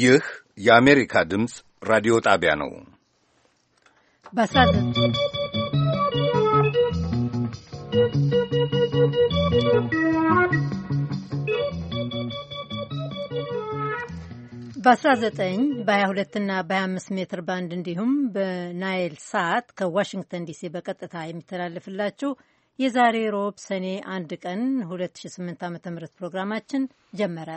ይህ የአሜሪካ ድምፅ ራዲዮ ጣቢያ ነው። በ19 በ22 እና በ25 ሜትር ባንድ እንዲሁም በናይል ሳት ከዋሽንግተን ዲሲ በቀጥታ የሚተላለፍላችሁ የዛሬ ሮብ ሰኔ አንድ ቀን 2008 ዓ.ም ፕሮግራማችን ጀመረ።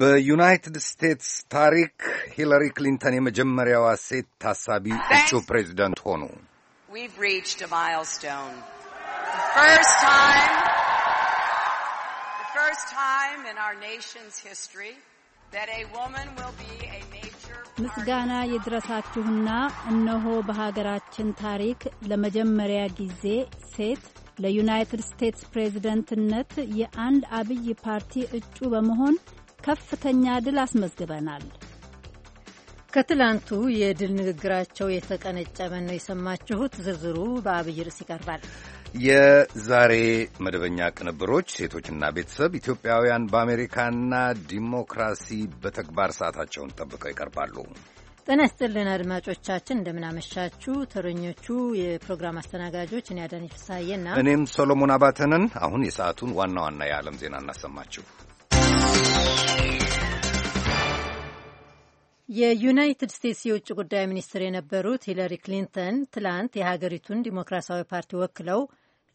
በዩናይትድ ስቴትስ ታሪክ ሂለሪ ክሊንተን የመጀመሪያዋ ሴት ታሳቢ እጩ ፕሬዚደንት ሆኑ። ምስጋና ይድረሳችሁና እነሆ በሀገራችን ታሪክ ለመጀመሪያ ጊዜ ሴት ለዩናይትድ ስቴትስ ፕሬዝደንትነት የአንድ አብይ ፓርቲ እጩ በመሆን ከፍተኛ ድል አስመዝግበናል። ከትላንቱ የድል ንግግራቸው የተቀነጨበ ነው የሰማችሁት። ዝርዝሩ በአብይ ርዕስ ይቀርባል። የዛሬ መደበኛ ቅንብሮች ሴቶችና ቤተሰብ፣ ኢትዮጵያውያን በአሜሪካና ዲሞክራሲ በተግባር ሰዓታቸውን ጠብቀው ይቀርባሉ። ጤና ይስጥልን አድማጮቻችን፣ እንደምናመሻችሁ። ተረኞቹ የፕሮግራም አስተናጋጆች እኔ አዳነች ፍስሐዬና እኔም ሶሎሞን አባተንን። አሁን የሰዓቱን ዋና ዋና የዓለም ዜና እናሰማችሁ። የዩናይትድ ስቴትስ የውጭ ጉዳይ ሚኒስትር የነበሩት ሂለሪ ክሊንተን ትላንት የሀገሪቱን ዲሞክራሲያዊ ፓርቲ ወክለው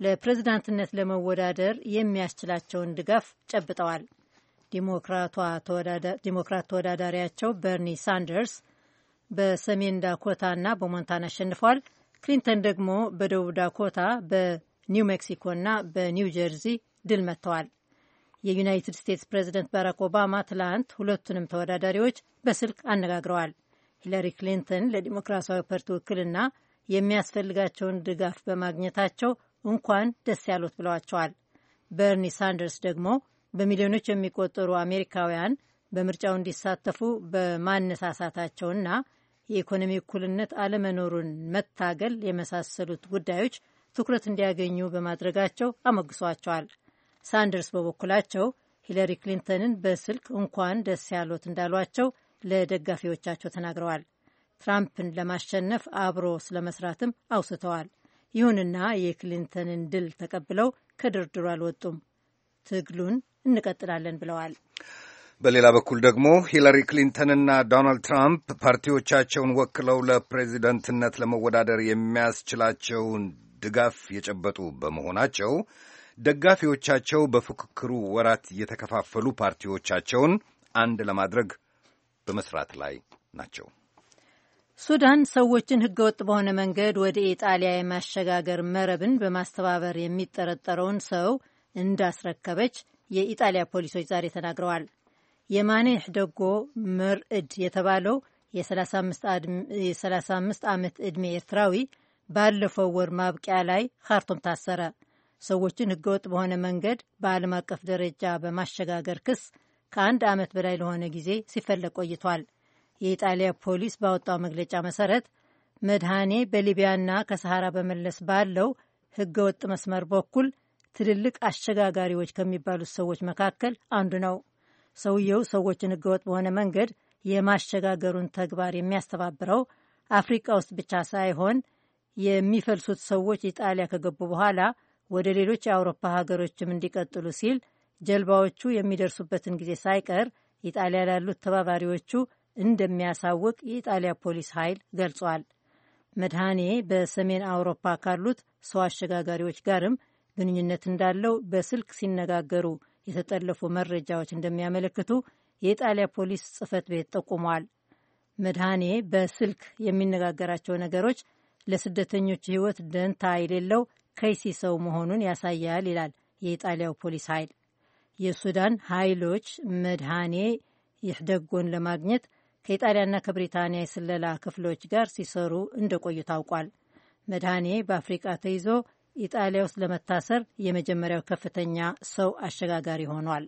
ለፕሬዝዳንትነት ለመወዳደር የሚያስችላቸውን ድጋፍ ጨብጠዋል። ዲሞክራት ተወዳዳሪያቸው በርኒ ሳንደርስ በሰሜን ዳኮታና በሞንታና አሸንፏል። ክሊንተን ደግሞ በደቡብ ዳኮታ፣ በኒው ሜክሲኮ ና በኒው ጀርዚ ድል መጥተዋል። የዩናይትድ ስቴትስ ፕሬዚደንት ባራክ ኦባማ ትላንት ሁለቱንም ተወዳዳሪዎች በስልክ አነጋግረዋል። ሂለሪ ክሊንተን ለዲሞክራሲያዊ ፓርቲ ውክልና የሚያስፈልጋቸውን ድጋፍ በማግኘታቸው እንኳን ደስ ያሉት ብለዋቸዋል። በርኒ ሳንደርስ ደግሞ በሚሊዮኖች የሚቆጠሩ አሜሪካውያን በምርጫው እንዲሳተፉ በማነሳሳታቸውና የኢኮኖሚ እኩልነት አለመኖሩን መታገል የመሳሰሉት ጉዳዮች ትኩረት እንዲያገኙ በማድረጋቸው አሞግሷቸዋል። ሳንደርስ በበኩላቸው ሂለሪ ክሊንተንን በስልክ እንኳን ደስ ያሎት እንዳሏቸው ለደጋፊዎቻቸው ተናግረዋል። ትራምፕን ለማሸነፍ አብሮ ስለመስራትም አውስተዋል። ይሁንና የክሊንተንን ድል ተቀብለው ከድርድሩ አልወጡም። ትግሉን እንቀጥላለን ብለዋል። በሌላ በኩል ደግሞ ሂለሪ ክሊንተንና ዶናልድ ትራምፕ ፓርቲዎቻቸውን ወክለው ለፕሬዚደንትነት ለመወዳደር የሚያስችላቸውን ድጋፍ የጨበጡ በመሆናቸው ደጋፊዎቻቸው በፉክክሩ ወራት የተከፋፈሉ ፓርቲዎቻቸውን አንድ ለማድረግ በመስራት ላይ ናቸው። ሱዳን ሰዎችን ህገወጥ በሆነ መንገድ ወደ ኢጣሊያ የማሸጋገር መረብን በማስተባበር የሚጠረጠረውን ሰው እንዳስረከበች የኢጣሊያ ፖሊሶች ዛሬ ተናግረዋል። የማኔህ ደጎ መርዕድ የተባለው የ35 ዓመት ዕድሜ ኤርትራዊ ባለፈው ወር ማብቂያ ላይ ካርቱም ታሰረ። ሰዎችን ህገወጥ በሆነ መንገድ በዓለም አቀፍ ደረጃ በማሸጋገር ክስ ከአንድ ዓመት በላይ ለሆነ ጊዜ ሲፈለግ ቆይቷል። የኢጣሊያ ፖሊስ ባወጣው መግለጫ መሰረት መድኃኔ በሊቢያና ከሰሃራ በመለስ ባለው ህገወጥ መስመር በኩል ትልልቅ አሸጋጋሪዎች ከሚባሉት ሰዎች መካከል አንዱ ነው። ሰውየው ሰዎችን ህገወጥ በሆነ መንገድ የማሸጋገሩን ተግባር የሚያስተባብረው አፍሪቃ ውስጥ ብቻ ሳይሆን የሚፈልሱት ሰዎች ኢጣሊያ ከገቡ በኋላ ወደ ሌሎች የአውሮፓ ሀገሮችም እንዲቀጥሉ ሲል ጀልባዎቹ የሚደርሱበትን ጊዜ ሳይቀር ኢጣሊያ ላሉት ተባባሪዎቹ እንደሚያሳውቅ የኢጣሊያ ፖሊስ ኃይል ገልጿል። መድኃኔ በሰሜን አውሮፓ ካሉት ሰው አሸጋጋሪዎች ጋርም ግንኙነት እንዳለው በስልክ ሲነጋገሩ የተጠለፉ መረጃዎች እንደሚያመለክቱ የኢጣሊያ ፖሊስ ጽህፈት ቤት ጠቁሟል። መድኃኔ በስልክ የሚነጋገራቸው ነገሮች ለስደተኞች ሕይወት ደንታ የሌለው ከይሲ ሰው መሆኑን ያሳያል ይላል የኢጣሊያው ፖሊስ ኃይል። የሱዳን ኃይሎች መድሃኔ ይህደጎን ለማግኘት ከኢጣሊያና ከብሪታንያ የስለላ ክፍሎች ጋር ሲሰሩ እንደቆዩ ታውቋል። መድሃኔ በአፍሪቃ ተይዞ ኢጣሊያ ውስጥ ለመታሰር የመጀመሪያው ከፍተኛ ሰው አሸጋጋሪ ሆኗል።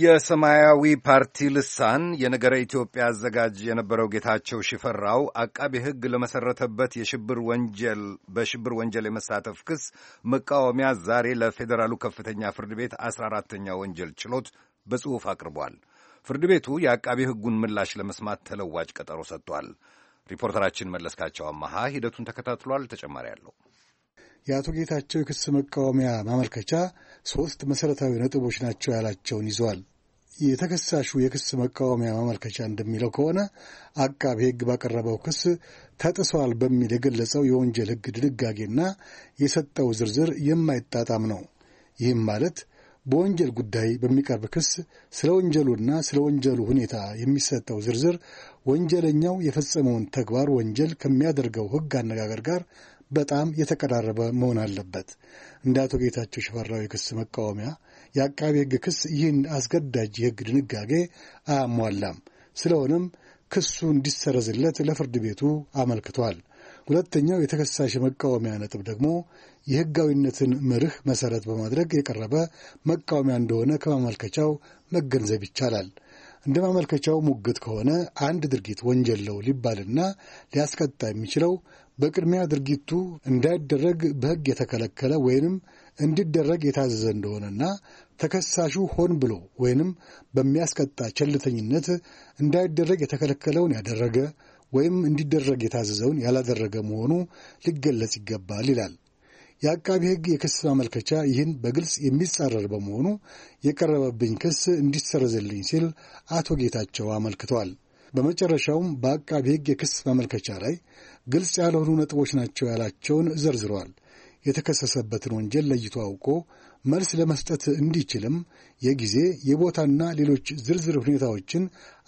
የሰማያዊ ፓርቲ ልሳን የነገረ ኢትዮጵያ አዘጋጅ የነበረው ጌታቸው ሽፈራው አቃቢ ሕግ ለመሰረተበት የሽብር ወንጀል በሽብር ወንጀል የመሳተፍ ክስ መቃወሚያ ዛሬ ለፌዴራሉ ከፍተኛ ፍርድ ቤት አስራ አራተኛ ወንጀል ችሎት በጽሑፍ አቅርቧል። ፍርድ ቤቱ የአቃቢ ሕጉን ምላሽ ለመስማት ተለዋጭ ቀጠሮ ሰጥቷል። ሪፖርተራችን መለስካቸው አመሃ ሂደቱን ተከታትሏል። ተጨማሪ አለው የአቶ ጌታቸው የክስ መቃወሚያ ማመልከቻ ሶስት መሠረታዊ ነጥቦች ናቸው ያላቸውን ይዘዋል። የተከሳሹ የክስ መቃወሚያ ማመልከቻ እንደሚለው ከሆነ አቃቢ ሕግ ባቀረበው ክስ ተጥሷል በሚል የገለጸው የወንጀል ሕግ ድንጋጌና የሰጠው ዝርዝር የማይጣጣም ነው። ይህም ማለት በወንጀል ጉዳይ በሚቀርብ ክስ ስለ ወንጀሉና ስለ ወንጀሉ ሁኔታ የሚሰጠው ዝርዝር ወንጀለኛው የፈጸመውን ተግባር ወንጀል ከሚያደርገው ሕግ አነጋገር ጋር በጣም የተቀራረበ መሆን አለበት። እንደ አቶ ጌታቸው ሽፈራው የክስ መቃወሚያ የአቃቢ ሕግ ክስ ይህን አስገዳጅ የሕግ ድንጋጌ አያሟላም። ስለሆነም ክሱ እንዲሰረዝለት ለፍርድ ቤቱ አመልክቷል። ሁለተኛው የተከሳሽ መቃወሚያ ነጥብ ደግሞ የሕጋዊነትን መርህ መሠረት በማድረግ የቀረበ መቃወሚያ እንደሆነ ከማመልከቻው መገንዘብ ይቻላል። እንደ ማመልከቻው ሙግት ከሆነ አንድ ድርጊት ወንጀል ነው ሊባልና ሊያስቀጣ የሚችለው በቅድሚያ ድርጊቱ እንዳይደረግ በሕግ የተከለከለ ወይንም እንዲደረግ የታዘዘ እንደሆነና ተከሳሹ ሆን ብሎ ወይንም በሚያስቀጣ ቸልተኝነት እንዳይደረግ የተከለከለውን ያደረገ ወይም እንዲደረግ የታዘዘውን ያላደረገ መሆኑ ሊገለጽ ይገባል ይላል። የአቃቢ ሕግ የክስ ማመልከቻ ይህን በግልጽ የሚጻረር በመሆኑ የቀረበብኝ ክስ እንዲሰረዝልኝ ሲል አቶ ጌታቸው አመልክተዋል። በመጨረሻውም በአቃቢ ሕግ የክስ ማመልከቻ ላይ ግልጽ ያልሆኑ ነጥቦች ናቸው ያላቸውን ዘርዝረዋል። የተከሰሰበትን ወንጀል ለይቶ አውቆ መልስ ለመስጠት እንዲችልም የጊዜ የቦታና ሌሎች ዝርዝር ሁኔታዎችን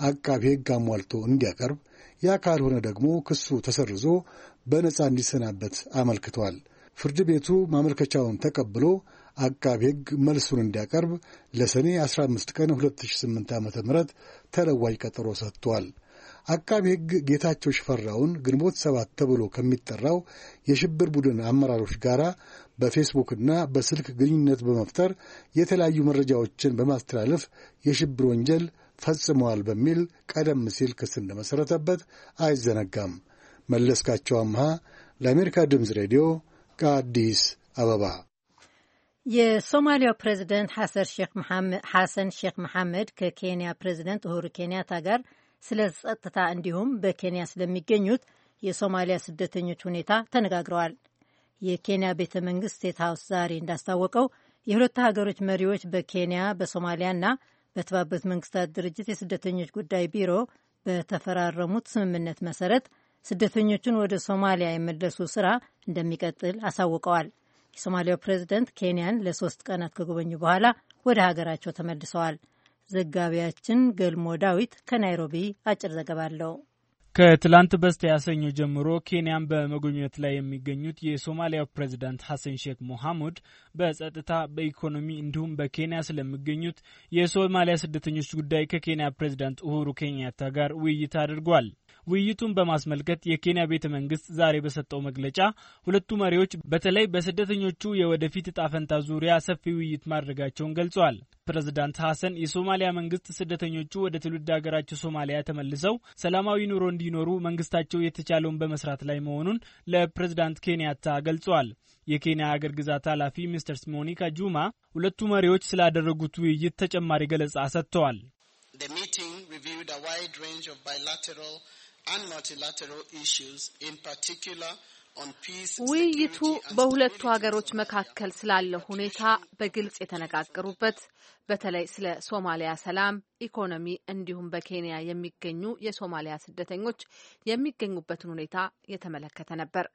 አቃቤ ሕግ አሟልቶ እንዲያቀርብ፣ ያ ካልሆነ ደግሞ ክሱ ተሰርዞ በነፃ እንዲሰናበት አመልክቷል። ፍርድ ቤቱ ማመልከቻውን ተቀብሎ አቃቤ ሕግ መልሱን እንዲያቀርብ ለሰኔ 15 ቀን 2008 ዓ ም ተለዋጅ ቀጠሮ ሰጥቷል። አቃቢ ሕግ ጌታቸው ሽፈራውን ግንቦት ሰባት ተብሎ ከሚጠራው የሽብር ቡድን አመራሮች ጋር በፌስቡክና በስልክ ግንኙነት በመፍጠር የተለያዩ መረጃዎችን በማስተላለፍ የሽብር ወንጀል ፈጽመዋል በሚል ቀደም ሲል ክስ እንደመሠረተበት አይዘነጋም። መለስካቸው አምሃ ለአሜሪካ ድምፅ ሬዲዮ ከአዲስ አበባ። የሶማሊያው ፕሬዚደንት ሐሰን ሼክ መሐመድ ከኬንያ ፕሬዚደንት ኡሁሩ ኬንያታ ጋር ስለ ጸጥታ እንዲሁም በኬንያ ስለሚገኙት የሶማሊያ ስደተኞች ሁኔታ ተነጋግረዋል። የኬንያ ቤተ መንግስት ስቴት ሀውስ ዛሬ እንዳስታወቀው የሁለቱ ሀገሮች መሪዎች በኬንያ በሶማሊያና በተባበሩት መንግስታት ድርጅት የስደተኞች ጉዳይ ቢሮ በተፈራረሙት ስምምነት መሰረት ስደተኞቹን ወደ ሶማሊያ የመለሱ ስራ እንደሚቀጥል አሳውቀዋል። የሶማሊያው ፕሬዚደንት ኬንያን ለሶስት ቀናት ከጎበኙ በኋላ ወደ ሀገራቸው ተመልሰዋል። ዘጋቢያችን ገልሞ ዳዊት ከናይሮቢ አጭር ዘገባ አለው። ከትላንት በስቲያ ሰኞ ጀምሮ ኬንያን በመጎብኘት ላይ የሚገኙት የሶማሊያው ፕሬዚዳንት ሐሰን ሼክ ሞሐሙድ በጸጥታ፣ በኢኮኖሚ እንዲሁም በኬንያ ስለሚገኙት የሶማሊያ ስደተኞች ጉዳይ ከኬንያ ፕሬዚዳንት ኡሁሩ ኬንያታ ጋር ውይይት አድርጓል። ውይይቱን በማስመልከት የኬንያ ቤተ መንግስት ዛሬ በሰጠው መግለጫ ሁለቱ መሪዎች በተለይ በስደተኞቹ የወደፊት እጣ ፈንታ ዙሪያ ሰፊ ውይይት ማድረጋቸውን ገልጸዋል። ፕሬዝዳንት ሐሰን የሶማሊያ መንግስት ስደተኞቹ ወደ ትውልድ ሀገራቸው ሶማሊያ ተመልሰው ሰላማዊ ኑሮ እንዲኖሩ መንግስታቸው የተቻለውን በመስራት ላይ መሆኑን ለፕሬዝዳንት ኬንያታ ገልጿል። የኬንያ አገር ግዛት ኃላፊ ሚስተር ሞኒካ ጁማ ሁለቱ መሪዎች ስላደረጉት ውይይት ተጨማሪ ገለጻ ሰጥተዋል። and multilateral issues, in particular ውይይቱ በሁለቱ ሀገሮች መካከል ስላለው ሁኔታ በግልጽ የተነጋገሩበት በተለይ ስለ ሶማሊያ ሰላም፣ ኢኮኖሚ እንዲሁም በኬንያ የሚገኙ የሶማሊያ ስደተኞች የሚገኙበትን ሁኔታ የተመለከተ ነበር።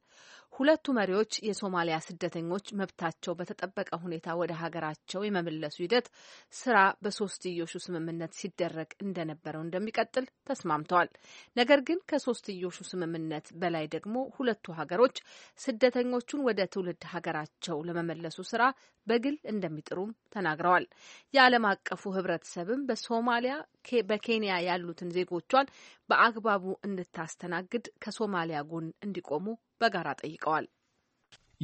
ሁለቱ መሪዎች የሶማሊያ ስደተኞች መብታቸው በተጠበቀ ሁኔታ ወደ ሀገራቸው የመመለሱ ሂደት ስራ በሶስትዮሹ ስምምነት ሲደረግ እንደነበረው እንደሚቀጥል ተስማምተዋል። ነገር ግን ከሶስትዮሹ ስምምነት በላይ ደግሞ ሁለቱ ሀገሮች ስደተኞቹን ወደ ትውልድ ሀገራቸው ለመመለሱ ስራ በግል እንደሚጥሩም ተናግረዋል። የዓለም አቀፉ ህብረተሰብም በሶማሊያ በኬንያ ያሉትን ዜጎቿን በአግባቡ እንድታስተናግድ ከሶማሊያ ጎን እንዲቆሙ በጋራ ጠይቀዋል።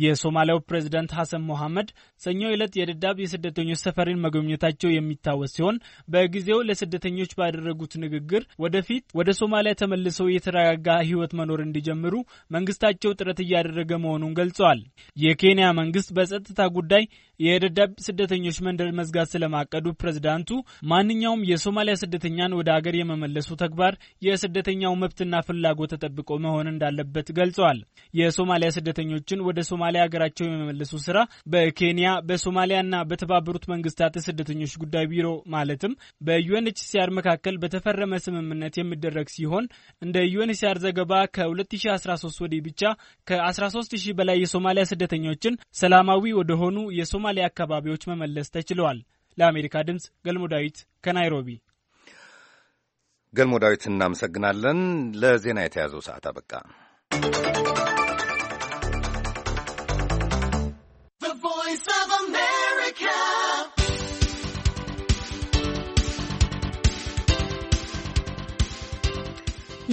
የሶማሊያው ፕሬዝዳንት ሐሰን ሞሐመድ ሰኞ ዕለት የደዳብ የስደተኞች ሰፈሪን መጎብኘታቸው የሚታወስ ሲሆን በጊዜው ለስደተኞች ባደረጉት ንግግር ወደፊት ወደ ሶማሊያ ተመልሰው የተረጋጋ ሕይወት መኖር እንዲጀምሩ መንግስታቸው ጥረት እያደረገ መሆኑን ገልጸዋል። የኬንያ መንግስት በጸጥታ ጉዳይ የደዳብ ስደተኞች መንደር መዝጋት ስለማቀዱ ፕሬዝዳንቱ ማንኛውም የሶማሊያ ስደተኛን ወደ አገር የመመለሱ ተግባር የስደተኛው መብትና ፍላጎት ተጠብቆ መሆን እንዳለበት ገልጸዋል። የሶማሊያ ስደተኞችን ወደ ሶማ ሶማሊያ ሀገራቸው የመመለሱ ስራ በኬንያ በሶማሊያና በተባበሩት መንግስታት የስደተኞች ጉዳይ ቢሮ ማለትም በዩኤንኤችሲአር መካከል በተፈረመ ስምምነት የሚደረግ ሲሆን እንደ ዩኤንኤችሲአር ዘገባ ከ2013 ወዲህ ብቻ ከ13000 በላይ የሶማሊያ ስደተኞችን ሰላማዊ ወደሆኑ የሶማሊያ አካባቢዎች መመለስ ተችለዋል። ለአሜሪካ ድምፅ ገልሞ ዳዊት ከናይሮቢ። ገልሞ ዳዊት እናመሰግናለን። ለዜና የተያዘው ሰዓት አበቃ።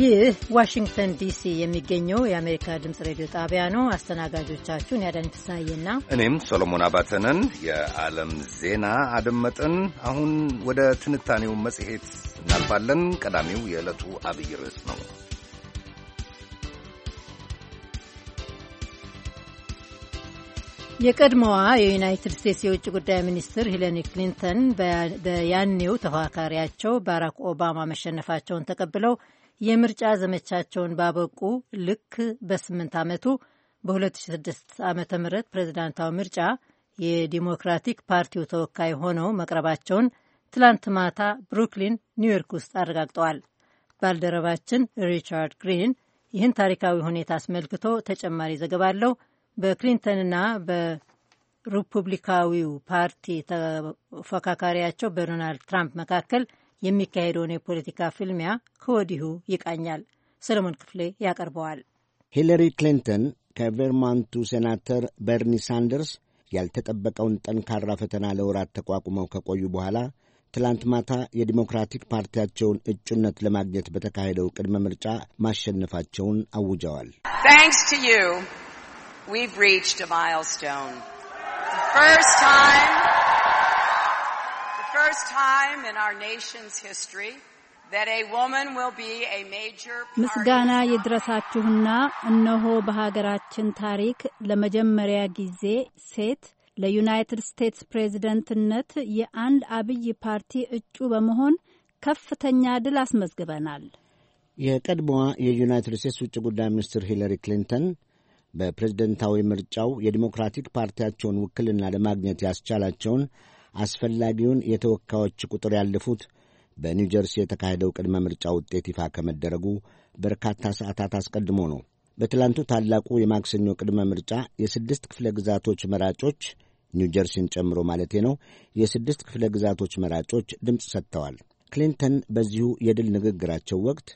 ይህ ዋሽንግተን ዲሲ የሚገኘው የአሜሪካ ድምጽ ሬዲዮ ጣቢያ ነው። አስተናጋጆቻችሁን ያዳኝ ፍስሐዬና እኔም ሶሎሞን አባተንን የዓለም ዜና አደመጥን። አሁን ወደ ትንታኔው መጽሔት እናልፋለን። ቀዳሚው የዕለቱ አብይ ርዕስ ነው። የቀድሞዋ የዩናይትድ ስቴትስ የውጭ ጉዳይ ሚኒስትር ሂለሪ ክሊንተን በያኔው ተፎካካሪያቸው ባራክ ኦባማ መሸነፋቸውን ተቀብለው የምርጫ ዘመቻቸውን ባበቁ ልክ በስምንት ዓመቱ በ2006 ዓ ም ፕሬዝዳንታዊ ምርጫ የዲሞክራቲክ ፓርቲው ተወካይ ሆነው መቅረባቸውን ትላንት ማታ ብሩክሊን ኒውዮርክ ውስጥ አረጋግጠዋል። ባልደረባችን ሪቻርድ ግሪን ይህን ታሪካዊ ሁኔታ አስመልክቶ ተጨማሪ ዘገባ አለው። በክሊንተንና በሪፑብሊካዊው ፓርቲ ተፎካካሪያቸው በዶናልድ ትራምፕ መካከል የሚካሄደውን የፖለቲካ ፍልሚያ ከወዲሁ ይቃኛል። ሰለሞን ክፍሌ ያቀርበዋል። ሂለሪ ክሊንተን ከቬርማንቱ ሴናተር በርኒ ሳንደርስ ያልተጠበቀውን ጠንካራ ፈተና ለወራት ተቋቁመው ከቆዩ በኋላ ትላንት ማታ የዲሞክራቲክ ፓርቲያቸውን እጩነት ለማግኘት በተካሄደው ቅድመ ምርጫ ማሸነፋቸውን አውጀዋል። ምስጋና ይድረሳችሁና እነሆ በሀገራችን ታሪክ ለመጀመሪያ ጊዜ ሴት ለዩናይትድ ስቴትስ ፕሬዝደንትነት የአንድ አብይ ፓርቲ እጩ በመሆን ከፍተኛ ድል አስመዝግበናል። የቀድሞዋ የዩናይትድ ስቴትስ ውጭ ጉዳይ ሚኒስትር ሂለሪ ክሊንተን በፕሬዝደንታዊ ምርጫው የዲሞክራቲክ ፓርቲያቸውን ውክልና ለማግኘት ያስቻላቸውን አስፈላጊውን የተወካዮች ቁጥር ያለፉት በኒውጀርሲ የተካሄደው ቅድመ ምርጫ ውጤት ይፋ ከመደረጉ በርካታ ሰዓታት አስቀድሞ ነው። በትላንቱ ታላቁ የማክሰኞ ቅድመ ምርጫ የስድስት ክፍለ ግዛቶች መራጮች ኒውጀርሲን ጨምሮ ማለቴ ነው። የስድስት ክፍለ ግዛቶች መራጮች ድምፅ ሰጥተዋል። ክሊንተን በዚሁ የድል ንግግራቸው ወቅት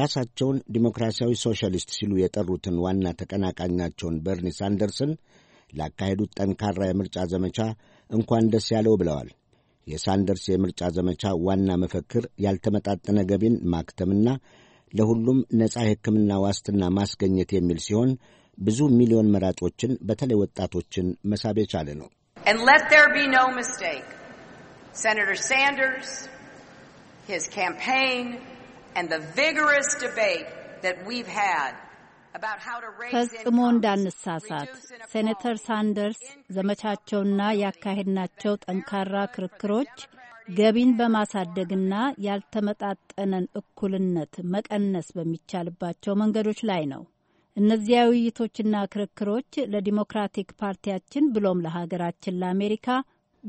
ራሳቸውን ዲሞክራሲያዊ ሶሻሊስት ሲሉ የጠሩትን ዋና ተቀናቃኛቸውን በርኒ ሳንደርስን ላካሄዱት ጠንካራ የምርጫ ዘመቻ እንኳን ደስ ያለው ብለዋል። የሳንደርስ የምርጫ ዘመቻ ዋና መፈክር ያልተመጣጠነ ገቢን ማክተምና ለሁሉም ነጻ የሕክምና ዋስትና ማስገኘት የሚል ሲሆን ብዙ ሚሊዮን መራጮችን በተለይ ወጣቶችን መሳብ የቻለ ነው። Senator Sanders, his campaign, and the vigorous debate that we've had ፈጽሞ እንዳንሳሳት ሴኔተር ሳንደርስ ዘመቻቸውና ያካሄድናቸው ጠንካራ ክርክሮች ገቢን በማሳደግና ያልተመጣጠነን እኩልነት መቀነስ በሚቻልባቸው መንገዶች ላይ ነው። እነዚያ ውይይቶችና ክርክሮች ለዲሞክራቲክ ፓርቲያችን ብሎም ለሀገራችን ለአሜሪካ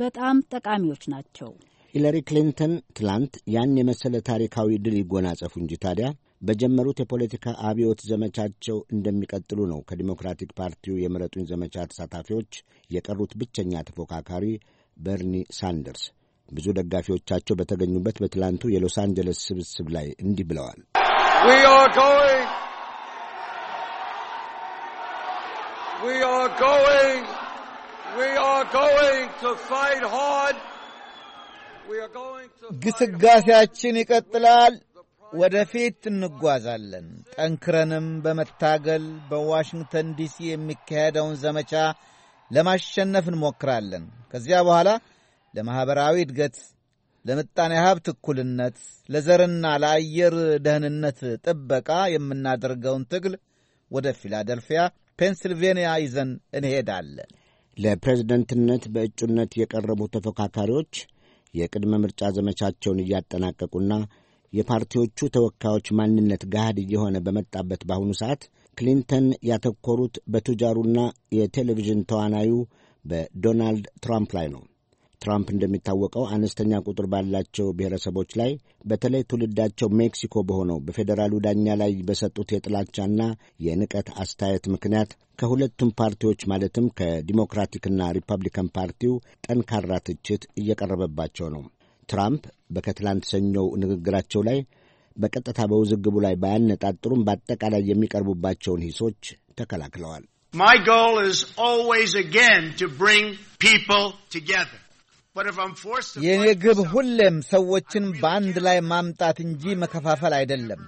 በጣም ጠቃሚዎች ናቸው። ሂለሪ ክሊንተን ትላንት ያን የመሰለ ታሪካዊ ድል ይጎናጸፉ እንጂ ታዲያ በጀመሩት የፖለቲካ አብዮት ዘመቻቸው እንደሚቀጥሉ ነው ከዲሞክራቲክ ፓርቲው የምረጡኝ ዘመቻ ተሳታፊዎች የቀሩት ብቸኛ ተፎካካሪ በርኒ ሳንደርስ ብዙ ደጋፊዎቻቸው በተገኙበት በትላንቱ የሎስ አንጀለስ ስብስብ ላይ እንዲህ ብለዋል። ግስጋሴያችን ይቀጥላል። ወደፊት እንጓዛለን። ጠንክረንም በመታገል በዋሽንግተን ዲሲ የሚካሄደውን ዘመቻ ለማሸነፍ እንሞክራለን። ከዚያ በኋላ ለማኅበራዊ እድገት፣ ለምጣኔ ሀብት እኩልነት፣ ለዘርና ለአየር ደህንነት ጥበቃ የምናደርገውን ትግል ወደ ፊላደልፊያ ፔንስልቬንያ ይዘን እንሄዳለን። ለፕሬዝደንትነት በእጩነት የቀረቡ ተፎካካሪዎች የቅድመ ምርጫ ዘመቻቸውን እያጠናቀቁና የፓርቲዎቹ ተወካዮች ማንነት ገሃድ እየሆነ በመጣበት በአሁኑ ሰዓት ክሊንተን ያተኮሩት በቱጃሩና የቴሌቪዥን ተዋናዩ በዶናልድ ትራምፕ ላይ ነው። ትራምፕ እንደሚታወቀው አነስተኛ ቁጥር ባላቸው ብሔረሰቦች ላይ በተለይ ትውልዳቸው ሜክሲኮ በሆነው በፌዴራሉ ዳኛ ላይ በሰጡት የጥላቻና የንቀት አስተያየት ምክንያት ከሁለቱም ፓርቲዎች ማለትም ከዲሞክራቲክና ሪፐብሊካን ፓርቲው ጠንካራ ትችት እየቀረበባቸው ነው። ትራምፕ በከትላንት ሰኞው ንግግራቸው ላይ በቀጥታ በውዝግቡ ላይ ባያነጣጥሩም በአጠቃላይ የሚቀርቡባቸውን ሂሶች ተከላክለዋል። የእኔ ግብ ሁሌም ሰዎችን በአንድ ላይ ማምጣት እንጂ መከፋፈል አይደለም።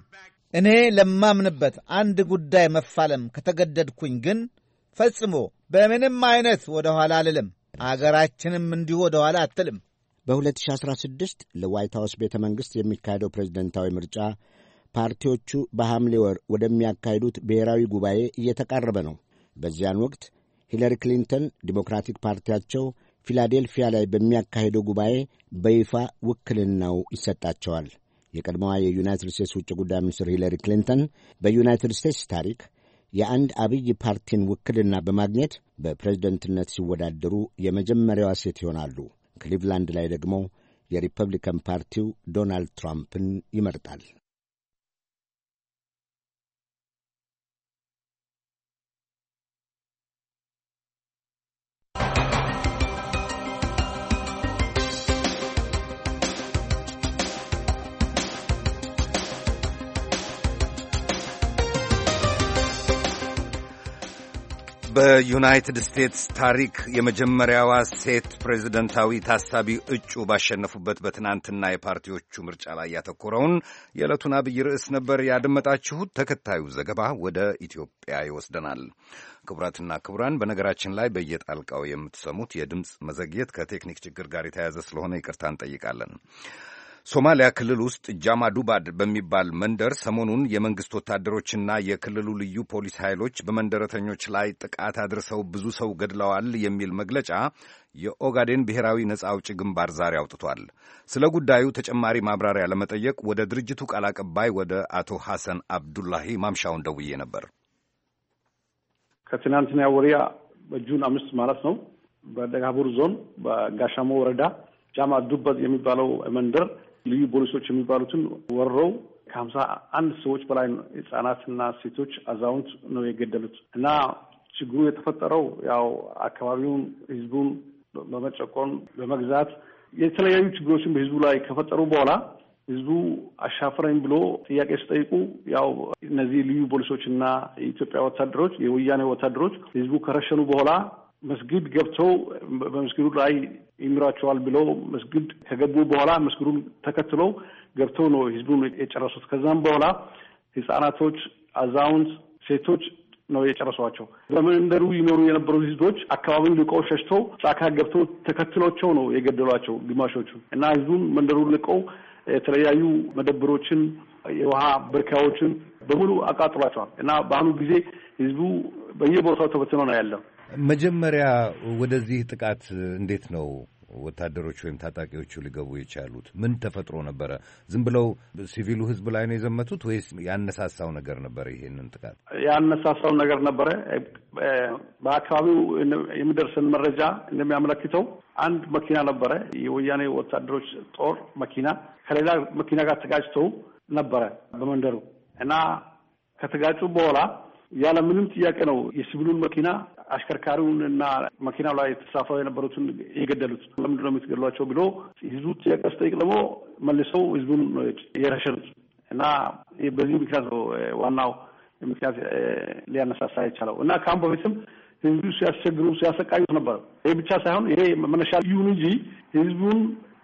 እኔ ለማምንበት አንድ ጉዳይ መፋለም ከተገደድኩኝ ግን ፈጽሞ በምንም አይነት ወደ ኋላ አልልም። አገራችንም እንዲሁ ወደ ኋላ አትልም። በ2016 ለዋይት ሀውስ ቤተ መንግሥት የሚካሄደው ፕሬዝደንታዊ ምርጫ ፓርቲዎቹ በሐምሌ ወር ወደሚያካሂዱት ብሔራዊ ጉባኤ እየተቃረበ ነው። በዚያን ወቅት ሂለሪ ክሊንተን ዲሞክራቲክ ፓርቲያቸው ፊላዴልፊያ ላይ በሚያካሄደው ጉባኤ በይፋ ውክልናው ይሰጣቸዋል። የቀድሞዋ የዩናይትድ ስቴትስ ውጭ ጉዳይ ሚኒስትር ሂለሪ ክሊንተን በዩናይትድ ስቴትስ ታሪክ የአንድ አብይ ፓርቲን ውክልና በማግኘት በፕሬዝደንትነት ሲወዳደሩ የመጀመሪያዋ ሴት ይሆናሉ። ክሊቭላንድ ላይ ደግሞ የሪፐብሊካን ፓርቲው ዶናልድ ትራምፕን ይመርጣል። በዩናይትድ ስቴትስ ታሪክ የመጀመሪያዋ ሴት ፕሬዝደንታዊ ታሳቢ እጩ ባሸነፉበት በትናንትና የፓርቲዎቹ ምርጫ ላይ ያተኮረውን የዕለቱን አብይ ርዕስ ነበር ያደመጣችሁት። ተከታዩ ዘገባ ወደ ኢትዮጵያ ይወስደናል። ክቡራትና ክቡራን፣ በነገራችን ላይ በየጣልቃው የምትሰሙት የድምፅ መዘግየት ከቴክኒክ ችግር ጋር የተያያዘ ስለሆነ ይቅርታ እንጠይቃለን። ሶማሊያ ክልል ውስጥ ጃማ ዱባድ በሚባል መንደር ሰሞኑን የመንግሥት ወታደሮችና የክልሉ ልዩ ፖሊስ ኃይሎች በመንደረተኞች ላይ ጥቃት አድርሰው ብዙ ሰው ገድለዋል የሚል መግለጫ የኦጋዴን ብሔራዊ ነጻ አውጪ ግንባር ዛሬ አውጥቷል። ስለ ጉዳዩ ተጨማሪ ማብራሪያ ለመጠየቅ ወደ ድርጅቱ ቃል አቀባይ ወደ አቶ ሐሰን አብዱላሂ ማምሻውን ደውዬ ነበር። ከትናንትና ወዲያ በጁን አምስት ማለት ነው በደጋቡር ዞን በጋሻሞ ወረዳ ጃማ ዱበት የሚባለው መንደር ልዩ ፖሊሶች የሚባሉትን ወረው ከሀምሳ አንድ ሰዎች በላይ ህጻናትና ሴቶች፣ አዛውንት ነው የገደሉት እና ችግሩ የተፈጠረው ያው አካባቢውን ህዝቡን በመጨቆን በመግዛት የተለያዩ ችግሮችን በህዝቡ ላይ ከፈጠሩ በኋላ ህዝቡ አሻፈረኝ ብሎ ጥያቄ ሲጠይቁ ያው እነዚህ ልዩ ፖሊሶች እና የኢትዮጵያ ወታደሮች የወያኔ ወታደሮች ህዝቡ ከረሸኑ በኋላ መስጊድ ገብተው በመስጊዱ ላይ ይምራቸዋል ብለው መስጊድ ከገቡ በኋላ መስጊዱን ተከትለው ገብተው ነው ህዝቡን የጨረሱት። ከዛም በኋላ ህጻናቶች፣ አዛውንት፣ ሴቶች ነው የጨረሷቸው። በመንደሩ ይኖሩ የነበሩ ህዝቦች አካባቢውን ልቀው ሸሽተው ጫካ ገብተው ተከትሏቸው ነው የገደሏቸው ግማሾቹ እና ህዝቡን መንደሩን ልቀው የተለያዩ መደብሮችን፣ የውሃ በርካዎችን በሙሉ አቃጥሏቸዋል እና በአሁኑ ጊዜ ህዝቡ በየቦታው ተበትኖ ነው ያለው። መጀመሪያ ወደዚህ ጥቃት እንዴት ነው ወታደሮች ወይም ታጣቂዎቹ ሊገቡ የቻሉት? ምን ተፈጥሮ ነበረ? ዝም ብለው ሲቪሉ ህዝብ ላይ ነው የዘመቱት ወይስ ያነሳሳው ነገር ነበረ? ይሄንን ጥቃት ያነሳሳው ነገር ነበረ። በአካባቢው የሚደርሰን መረጃ እንደሚያመለክተው አንድ መኪና ነበረ፣ የወያኔ ወታደሮች ጦር መኪና ከሌላ መኪና ጋር ተጋጭተው ነበረ በመንደሩ እና ከተጋጩ በኋላ ያለ ምንም ጥያቄ ነው የሲቪሉን መኪና አሽከርካሪውን እና መኪናው ላይ ተሳፍረው የነበሩትን የገደሉት ለምንድን ነው የምትገድሏቸው ብሎ ህዝቡ ጥያቄ ስጠይቅ ደግሞ መልሰው ህዝቡን የረሸኑት እና በዚህ ምክንያት ነው ዋናው ምክንያት ሊያነሳሳ የቻለው እና ከአሁን በፊትም ህዝቡ ሲያስቸግሩ ሲያሰቃዩት ነበረ። ይህ ብቻ ሳይሆን ይሄ መነሻ ይሁን እንጂ ህዝቡን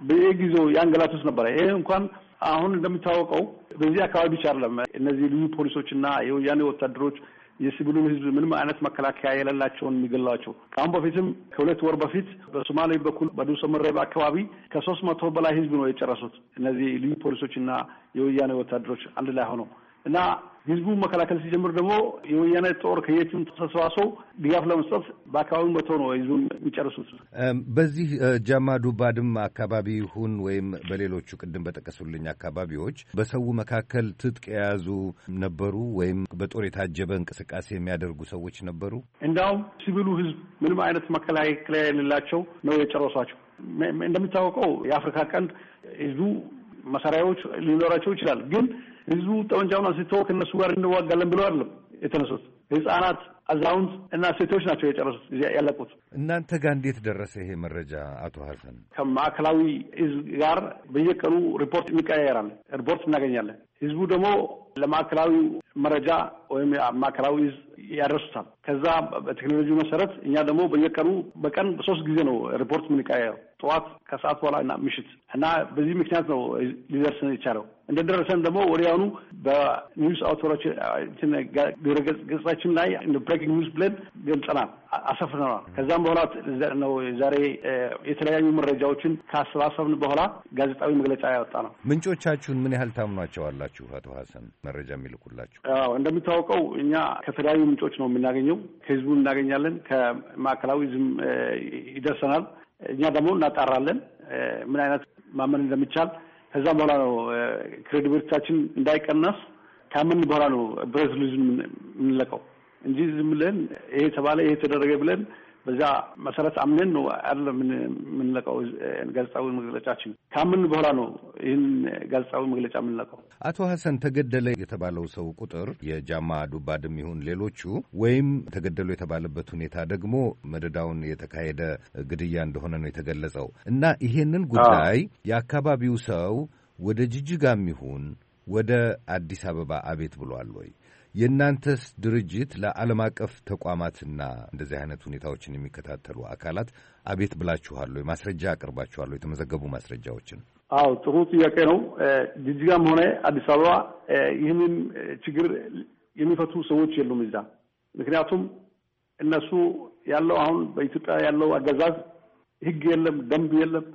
በየጊዜው ያንገላቱት ነበረ። ይሄ እንኳን አሁን እንደሚታወቀው በዚህ አካባቢ ብቻ አይደለም። እነዚህ ልዩ ፖሊሶች እና የወያኔ ወታደሮች የሲቪሉን ህዝብ ምንም አይነት መከላከያ የሌላቸውን የሚገላቸው ከአሁን በፊትም ከሁለት ወር በፊት በሶማሌ በኩል በዱሶ መረብ አካባቢ ከሶስት መቶ በላይ ህዝብ ነው የጨረሱት እነዚህ ልዩ ፖሊሶችና የወያኔ ወታደሮች አንድ ላይ ሆነው እና ህዝቡ መከላከል ሲጀምር ደግሞ የወያነ ጦር ከየትም ተሰባስበው ድጋፍ ለመስጠት በአካባቢው መቶ ነው ህዝቡን የሚጨርሱት። በዚህ ጃማ ዱባድም አካባቢ ይሁን ወይም በሌሎቹ ቅድም በጠቀሱልኝ አካባቢዎች በሰው መካከል ትጥቅ የያዙ ነበሩ ወይም በጦር የታጀበ እንቅስቃሴ የሚያደርጉ ሰዎች ነበሩ። እንዲያውም ሲቪሉ ህዝብ ምንም አይነት መከላከል የሌላቸው ነው የጨረሷቸው። እንደሚታወቀው የአፍሪካ ቀንድ ህዝቡ መሳሪያዎች ሊኖራቸው ይችላል ግን ህዝቡ ጠመንጃውን አንስቶ ከእነሱ ጋር እንዋጋለን ብሎ አይደለም የተነሱት። ህጻናት፣ አዛውንት እና ሴቶች ናቸው የጨረሱት ያለቁት። እናንተ ጋር እንዴት ደረሰ ይሄ መረጃ አቶ ሀሰን? ከማዕከላዊ ህዝብ ጋር በየቀኑ ሪፖርት እንቀያየራለን፣ ሪፖርት እናገኛለን። ህዝቡ ደግሞ ለማዕከላዊ መረጃ ወይም ማዕከላዊ ህዝብ ያደርሱታል። ከዛ በቴክኖሎጂ መሰረት እኛ ደግሞ በየቀኑ በቀን በሶስት ጊዜ ነው ሪፖርት የምንቀያየረው፣ ጠዋት፣ ከሰዓት በኋላ እና ምሽት እና በዚህ ምክንያት ነው ሊደርስን የቻለው። እንደደረሰን ደግሞ ወዲያውኑ በኒውስ አውቶራችን ድረ ገጻችን ላይ ብሬኪንግ ኒውስ ብለን ገልጸናል፣ አሰፍነናል። ከዛም በኋላ ነው ዛሬ የተለያዩ መረጃዎችን ካሰባሰብን በኋላ ጋዜጣዊ መግለጫ ያወጣ ነው። ምንጮቻችሁን ምን ያህል ታምኗቸዋላችሁ? አቶ ሀሰን መረጃ የሚልኩላችሁ? እንደሚታወቀው እኛ ከተለያዩ ምንጮች ነው የምናገኘው። ከህዝቡ እናገኛለን፣ ከማዕከላዊ ዝም ይደርሰናል። እኛ ደግሞ እናጣራለን ምን አይነት ማመን እንደሚቻል ከዛም በኋላ ነው ክሬዲቢሊቲያችን እንዳይቀነስ ካምን በኋላ ነው ፕሬስ ሪሊዙን የምንለቀው እንጂ ዝም ብለን ይሄ ተባለ ይሄ ተደረገ ብለን በዛ መሰረት አምነን ነው አለ የምንለቀው ጋዜጣዊ መግለጫችን። ካምን በኋላ ነው ይህን ጋዜጣዊ መግለጫ የምንለቀው። አቶ ሀሰን ተገደለ የተባለው ሰው ቁጥር የጃማ ዱባድም ይሁን ሌሎቹ ወይም ተገደሉ የተባለበት ሁኔታ ደግሞ መደዳውን የተካሄደ ግድያ እንደሆነ ነው የተገለጸው እና ይሄንን ጉዳይ የአካባቢው ሰው ወደ ጅጅጋም ይሁን ወደ አዲስ አበባ አቤት ብሏል ወይ? የእናንተስ ድርጅት ለዓለም አቀፍ ተቋማትና እንደዚህ አይነት ሁኔታዎችን የሚከታተሉ አካላት አቤት ብላችኋል? ማስረጃ አቅርባችኋል? የተመዘገቡ ማስረጃዎችን? አዎ፣ ጥሩ ጥያቄ ነው። ጅጅጋም ሆነ አዲስ አበባ ይህንን ችግር የሚፈቱ ሰዎች የሉም እዛ። ምክንያቱም እነሱ ያለው አሁን በኢትዮጵያ ያለው አገዛዝ ህግ የለም፣ ደንብ የለም።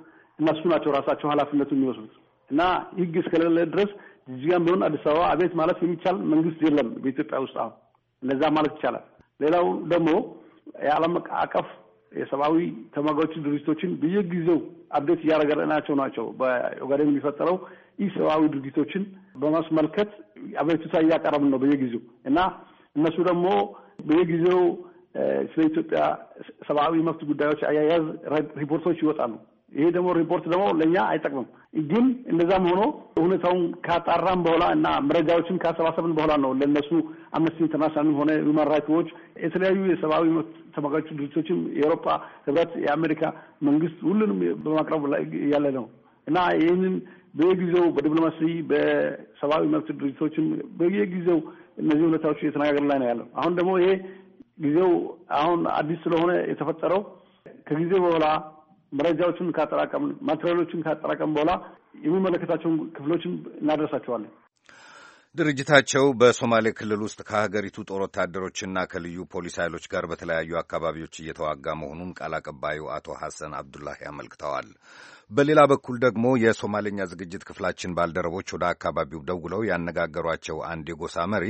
እነሱ ናቸው ራሳቸው ኃላፊነቱ የሚወስዱት እና ህግ እስከሌለ ድረስ እዚጋም ቢሆን አዲስ አበባ አቤት ማለት የሚቻል መንግስት የለም በኢትዮጵያ ውስጥ አሁን እንደዛ ማለት ይቻላል። ሌላው ደግሞ የዓለም አቀፍ የሰብአዊ ተሟጋች ድርጅቶችን በየጊዜው አብዴት እያደረገናቸው ናቸው። በኦጋዴን የሚፈጠረው ሰብአዊ ድርጊቶችን በማስመልከት አቤቱታ እያቀረብን ነው በየጊዜው እና እነሱ ደግሞ በየጊዜው ስለ ኢትዮጵያ ሰብአዊ መብት ጉዳዮች አያያዝ ሪፖርቶች ይወጣሉ። ይሄ ደግሞ ሪፖርት ደግሞ ለእኛ አይጠቅምም። ግን እንደዛም ሆኖ ሁኔታውን ካጣራም በኋላ እና መረጃዎችን ካሰባሰብን በኋላ ነው ለእነሱ አምነስቲ ኢንተርናሽናል ሆነ ሁማን ራይትስ ዎች የተለያዩ የሰብአዊ መብት ተሟጋች ድርጅቶችም የአውሮፓ ህብረት፣ የአሜሪካ መንግስት ሁሉንም በማቅረብ ላይ ያለ ነው እና ይህንን በየጊዜው በዲፕሎማሲ በሰብአዊ መብት ድርጅቶችም በየጊዜው እነዚህ ሁኔታዎች እየተነጋገር ላይ ነው ያለው። አሁን ደግሞ ይሄ ጊዜው አሁን አዲስ ስለሆነ የተፈጠረው ከጊዜ በኋላ መረጃዎችን ካጠራቀምን፣ ማቴሪያሎችን ካጠራቀምን በኋላ የሚመለከታቸውን ክፍሎችን እናደርሳቸዋለን። ድርጅታቸው በሶማሌ ክልል ውስጥ ከሀገሪቱ ጦር ወታደሮችና ከልዩ ፖሊስ ኃይሎች ጋር በተለያዩ አካባቢዎች እየተዋጋ መሆኑን ቃል አቀባዩ አቶ ሐሰን አብዱላሂ አመልክተዋል። በሌላ በኩል ደግሞ የሶማሌኛ ዝግጅት ክፍላችን ባልደረቦች ወደ አካባቢው ደውለው ያነጋገሯቸው አንድ የጎሳ መሪ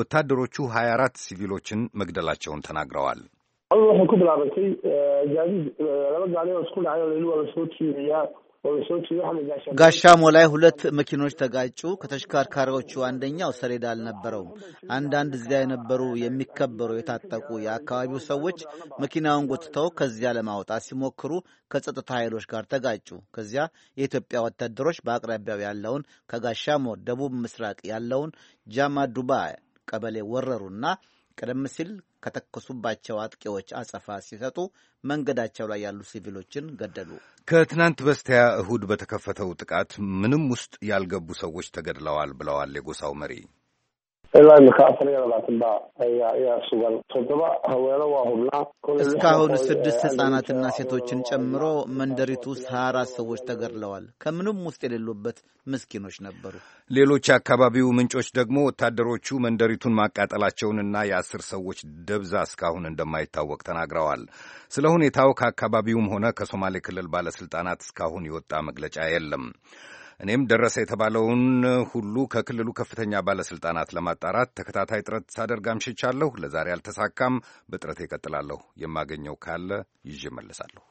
ወታደሮቹ 24 ሲቪሎችን መግደላቸውን ተናግረዋል። codad waxay ku bilaabatay eh, gaadiid eh, laba gaari oo isku dhacay oo leli waa lasoo tiiriyaa ጋሻሞ ላይ ሁለት መኪኖች ተጋጩ። ከተሽከርካሪዎቹ አንደኛው ሰሌዳ አልነበረውም። አንዳንድ እዚያ የነበሩ የሚከበሩ የታጠቁ የአካባቢው ሰዎች መኪናውን ጎትተው ከዚያ ለማውጣት ሲሞክሩ ከጸጥታ ኃይሎች ጋር ተጋጩ። ከዚያ የኢትዮጵያ ወታደሮች በአቅራቢያው ያለውን ከጋሻሞ ደቡብ ምስራቅ ያለውን ጃማ ዱባ ቀበሌ ወረሩና ቀደም ሲል ከተኮሱባቸው አጥቂዎች አጸፋ ሲሰጡ መንገዳቸው ላይ ያሉ ሲቪሎችን ገደሉ። ከትናንት በስቲያ እሁድ በተከፈተው ጥቃት ምንም ውስጥ ያልገቡ ሰዎች ተገድለዋል ብለዋል የጎሳው መሪ። ilaa imika afar iyo labaatan ba ayaa sugan toddoba haweeno waa hubnaa እስካሁን ስድስት ህጻናትና ሴቶችን ጨምሮ መንደሪቱ ውስጥ ሀያ አራት ሰዎች ተገድለዋል። ከምንም ውስጥ የሌሉበት ምስኪኖች ነበሩ። ሌሎች የአካባቢው ምንጮች ደግሞ ወታደሮቹ መንደሪቱን ማቃጠላቸውንና የአስር ሰዎች ደብዛ እስካሁን እንደማይታወቅ ተናግረዋል። ስለ ሁኔታው ከአካባቢውም ሆነ ከሶማሌ ክልል ባለስልጣናት እስካሁን የወጣ መግለጫ የለም። እኔም ደረሰ የተባለውን ሁሉ ከክልሉ ከፍተኛ ባለሥልጣናት ለማጣራት ተከታታይ ጥረት ሳደርግ አምሽቻለሁ። ለዛሬ አልተሳካም። በጥረት ይቀጥላለሁ። የማገኘው ካለ ይዤ እመለሳለሁ።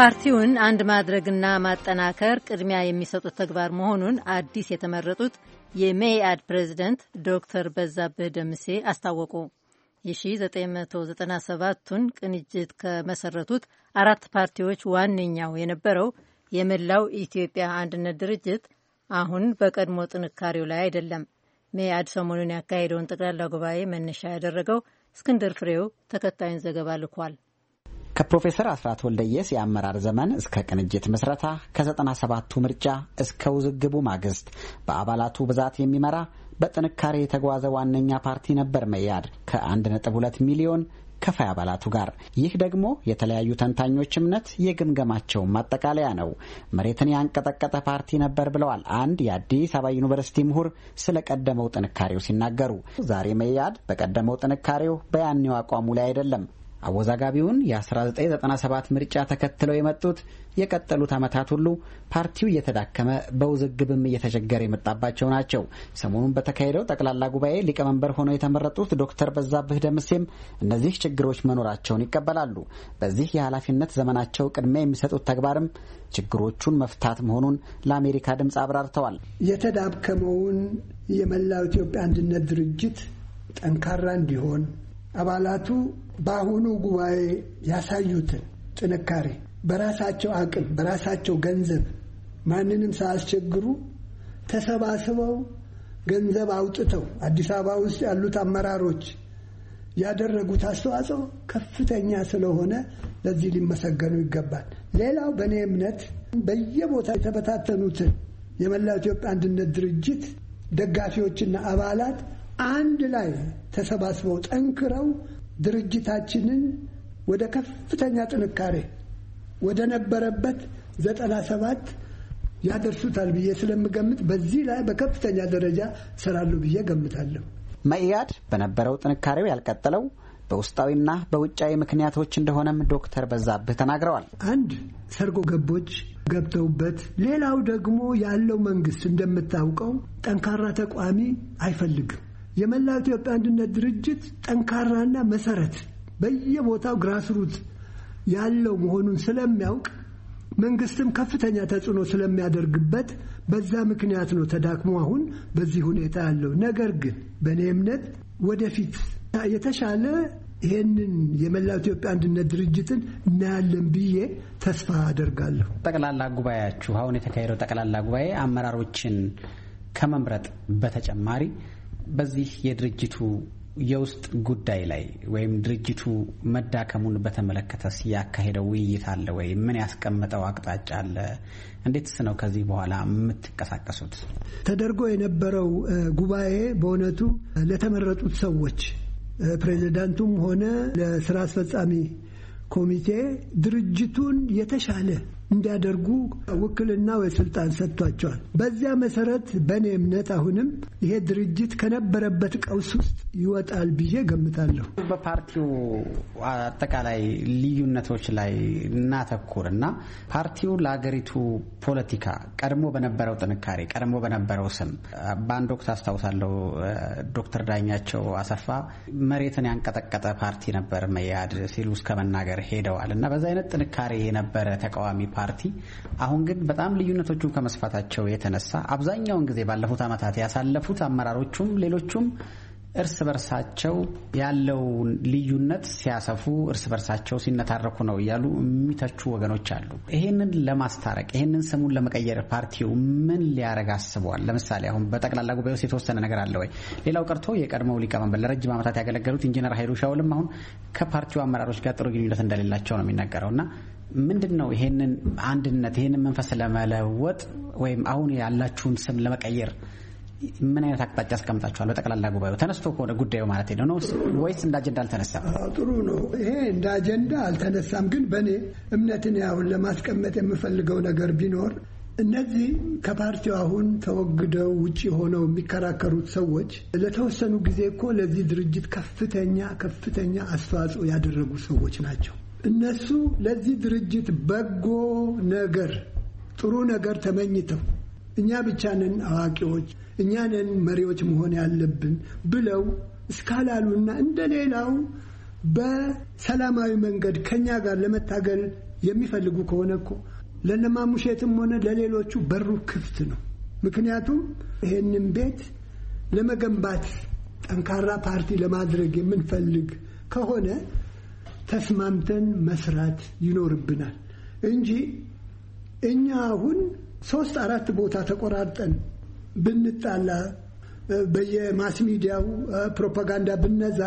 ፓርቲውን አንድ ማድረግና ማጠናከር ቅድሚያ የሚሰጡት ተግባር መሆኑን አዲስ የተመረጡት የመኢአድ ፕሬዚደንት ዶክተር በዛብህ ደምሴ አስታወቁ። የ1997ቱን ቅንጅት ከመሰረቱት አራት ፓርቲዎች ዋነኛው የነበረው የመላው ኢትዮጵያ አንድነት ድርጅት አሁን በቀድሞ ጥንካሬው ላይ አይደለም። መኢአድ ሰሞኑን ያካሄደውን ጠቅላላ ጉባኤ መነሻ ያደረገው እስክንድር ፍሬው ተከታዩን ዘገባ ልኳል። ከፕሮፌሰር አስራት ወልደየስ የአመራር ዘመን እስከ ቅንጅት ምስረታ ከ 97 ምርጫ እስከ ውዝግቡ ማግስት በአባላቱ ብዛት የሚመራ በጥንካሬ የተጓዘ ዋነኛ ፓርቲ ነበር መያድ ከ1.2 ሚሊዮን ከፋይ አባላቱ ጋር። ይህ ደግሞ የተለያዩ ተንታኞች እምነት የግምገማቸው ማጠቃለያ ነው። መሬትን ያንቀጠቀጠ ፓርቲ ነበር ብለዋል አንድ የአዲስ አበባ ዩኒቨርሲቲ ምሁር ስለ ቀደመው ጥንካሬው ሲናገሩ፣ ዛሬ መያድ በቀደመው ጥንካሬው በያኔው አቋሙ ላይ አይደለም አወዛጋቢውን የ1997 ምርጫ ተከትለው የመጡት የቀጠሉት ዓመታት ሁሉ ፓርቲው እየተዳከመ በውዝግብም እየተቸገረ የመጣባቸው ናቸው። ሰሞኑን በተካሄደው ጠቅላላ ጉባኤ ሊቀመንበር ሆነው የተመረጡት ዶክተር በዛብህ ደምሴም እነዚህ ችግሮች መኖራቸውን ይቀበላሉ። በዚህ የኃላፊነት ዘመናቸው ቅድሚያ የሚሰጡት ተግባርም ችግሮቹን መፍታት መሆኑን ለአሜሪካ ድምፅ አብራርተዋል። የተዳከመውን የመላው ኢትዮጵያ አንድነት ድርጅት ጠንካራ እንዲሆን አባላቱ በአሁኑ ጉባኤ ያሳዩትን ጥንካሬ በራሳቸው አቅም በራሳቸው ገንዘብ ማንንም ሳያስቸግሩ ተሰባስበው ገንዘብ አውጥተው አዲስ አበባ ውስጥ ያሉት አመራሮች ያደረጉት አስተዋጽኦ ከፍተኛ ስለሆነ ለዚህ ሊመሰገኑ ይገባል። ሌላው በእኔ እምነት በየቦታ የተበታተኑትን የመላው ኢትዮጵያ አንድነት ድርጅት ደጋፊዎችና አባላት አንድ ላይ ተሰባስበው ጠንክረው ድርጅታችንን ወደ ከፍተኛ ጥንካሬ ወደ ነበረበት ዘጠና ሰባት ያደርሱታል ብዬ ስለምገምት በዚህ ላይ በከፍተኛ ደረጃ ሰራሉ ብዬ ገምታለሁ። መኢአድ በነበረው ጥንካሬው ያልቀጠለው በውስጣዊና በውጫዊ ምክንያቶች እንደሆነም ዶክተር በዛብህ ተናግረዋል። አንድ ሰርጎ ገቦች ገብተውበት፣ ሌላው ደግሞ ያለው መንግስት እንደምታውቀው ጠንካራ ተቋሚ አይፈልግም። የመላው ኢትዮጵያ አንድነት ድርጅት ጠንካራና መሰረት በየቦታው ግራስሩት ያለው መሆኑን ስለሚያውቅ መንግስትም ከፍተኛ ተጽዕኖ ስለሚያደርግበት በዛ ምክንያት ነው ተዳክሞ አሁን በዚህ ሁኔታ ያለው። ነገር ግን በእኔ እምነት ወደፊት የተሻለ ይህንን የመላው ኢትዮጵያ አንድነት ድርጅትን እናያለን ብዬ ተስፋ አደርጋለሁ። ጠቅላላ ጉባኤያችሁ አሁን የተካሄደው ጠቅላላ ጉባኤ አመራሮችን ከመምረጥ በተጨማሪ በዚህ የድርጅቱ የውስጥ ጉዳይ ላይ ወይም ድርጅቱ መዳከሙን በተመለከተስ ያካሄደው ውይይት አለ ወይ? ምን ያስቀመጠው አቅጣጫ አለ? እንዴትስ ነው ከዚህ በኋላ የምትንቀሳቀሱት? ተደርጎ የነበረው ጉባኤ በእውነቱ ለተመረጡት ሰዎች ፕሬዚዳንቱም ሆነ ለስራ አስፈጻሚ ኮሚቴ ድርጅቱን የተሻለ እንዲያደርጉ ውክልና ወይ ስልጣን ሰጥቷቸዋል። በዚያ መሰረት በእኔ እምነት አሁንም ይሄ ድርጅት ከነበረበት ቀውስ ውስጥ ይወጣል ብዬ ገምታለሁ። በፓርቲው አጠቃላይ ልዩነቶች ላይ እናተኩር እና ፓርቲው ለአገሪቱ ፖለቲካ ቀድሞ በነበረው ጥንካሬ ቀድሞ በነበረው ስም በአንድ ወቅት አስታውሳለሁ ዶክተር ዳኛቸው አሰፋ መሬትን ያንቀጠቀጠ ፓርቲ ነበር መያድ ሲሉ እስከ መናገር ሄደዋል እና በዛ አይነት ጥንካሬ የነበረ ተቃዋሚ ፓርቲ አሁን ግን በጣም ልዩነቶቹ ከመስፋታቸው የተነሳ አብዛኛውን ጊዜ ባለፉት ዓመታት ያሳለፉት አመራሮቹም ሌሎቹም እርስ በርሳቸው ያለውን ልዩነት ሲያሰፉ እርስ በርሳቸው ሲነታረኩ ነው እያሉ የሚተቹ ወገኖች አሉ። ይሄንን ለማስታረቅ ይሄንን ስሙን ለመቀየር ፓርቲው ምን ሊያደርግ አስበዋል? ለምሳሌ አሁን በጠቅላላ ጉባኤ ውስጥ የተወሰነ ነገር አለ ወይ? ሌላው ቀርቶ የቀድሞው ሊቀመንበር ለረጅም ዓመታት ያገለገሉት ኢንጂነር ኃይሉ ሻውልም አሁን ከፓርቲው አመራሮች ጋር ጥሩ ግንኙነት እንደሌላቸው ነው የሚነገረው እና ምንድን ነው ይሄንን አንድነት ይሄንን መንፈስ ለመለወጥ ወይም አሁን ያላችሁን ስም ለመቀየር ምን አይነት አቅጣጫ አስቀምጣችኋል? በጠቅላላ ጉባኤው ተነስቶ ከሆነ ጉዳዩ ማለት ነው ወይስ እንደ አጀንዳ አልተነሳም? ጥሩ ነው። ይሄ እንደ አጀንዳ አልተነሳም፣ ግን በእኔ እምነትን አሁን ለማስቀመጥ የምፈልገው ነገር ቢኖር እነዚህ ከፓርቲው አሁን ተወግደው ውጭ ሆነው የሚከራከሩት ሰዎች ለተወሰኑ ጊዜ እኮ ለዚህ ድርጅት ከፍተኛ ከፍተኛ አስተዋጽኦ ያደረጉ ሰዎች ናቸው። እነሱ ለዚህ ድርጅት በጎ ነገር ጥሩ ነገር ተመኝተው እኛ ብቻ ነን አዋቂዎች፣ እኛ ነን መሪዎች መሆን ያለብን ብለው እስካላሉና እንደ ሌላው በሰላማዊ መንገድ ከእኛ ጋር ለመታገል የሚፈልጉ ከሆነ እኮ ለነማሙሼትም ሆነ ለሌሎቹ በሩ ክፍት ነው። ምክንያቱም ይህንን ቤት ለመገንባት ጠንካራ ፓርቲ ለማድረግ የምንፈልግ ከሆነ ተስማምተን መስራት ይኖርብናል እንጂ እኛ አሁን ሶስት አራት ቦታ ተቆራርጠን ብንጣላ በየማስ ሚዲያው ፕሮፓጋንዳ ብነዛ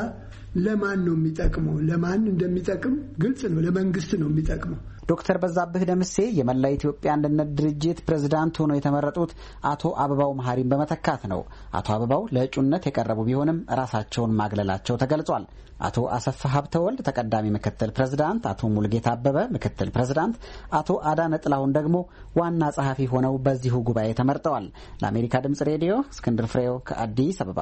ለማን ነው የሚጠቅመው? ለማን እንደሚጠቅም ግልጽ ነው። ለመንግስት ነው የሚጠቅመው። ዶክተር በዛብህ ደምሴ የመላ ኢትዮጵያ አንድነት ድርጅት ፕሬዝዳንት ሆነው የተመረጡት አቶ አበባው መሀሪን በመተካት ነው። አቶ አበባው ለእጩነት የቀረቡ ቢሆንም ራሳቸውን ማግለላቸው ተገልጿል። አቶ አሰፋ ሀብተወልድ ተቀዳሚ ምክትል ፕሬዝዳንት፣ አቶ ሙልጌታ አበበ ምክትል ፕሬዝዳንት፣ አቶ አዳነ ጥላሁን ደግሞ ዋና ጸሐፊ ሆነው በዚሁ ጉባኤ ተመርጠዋል። ለአሜሪካ ድምጽ ሬዲዮ እስክንድር ፍሬው ከአዲስ አበባ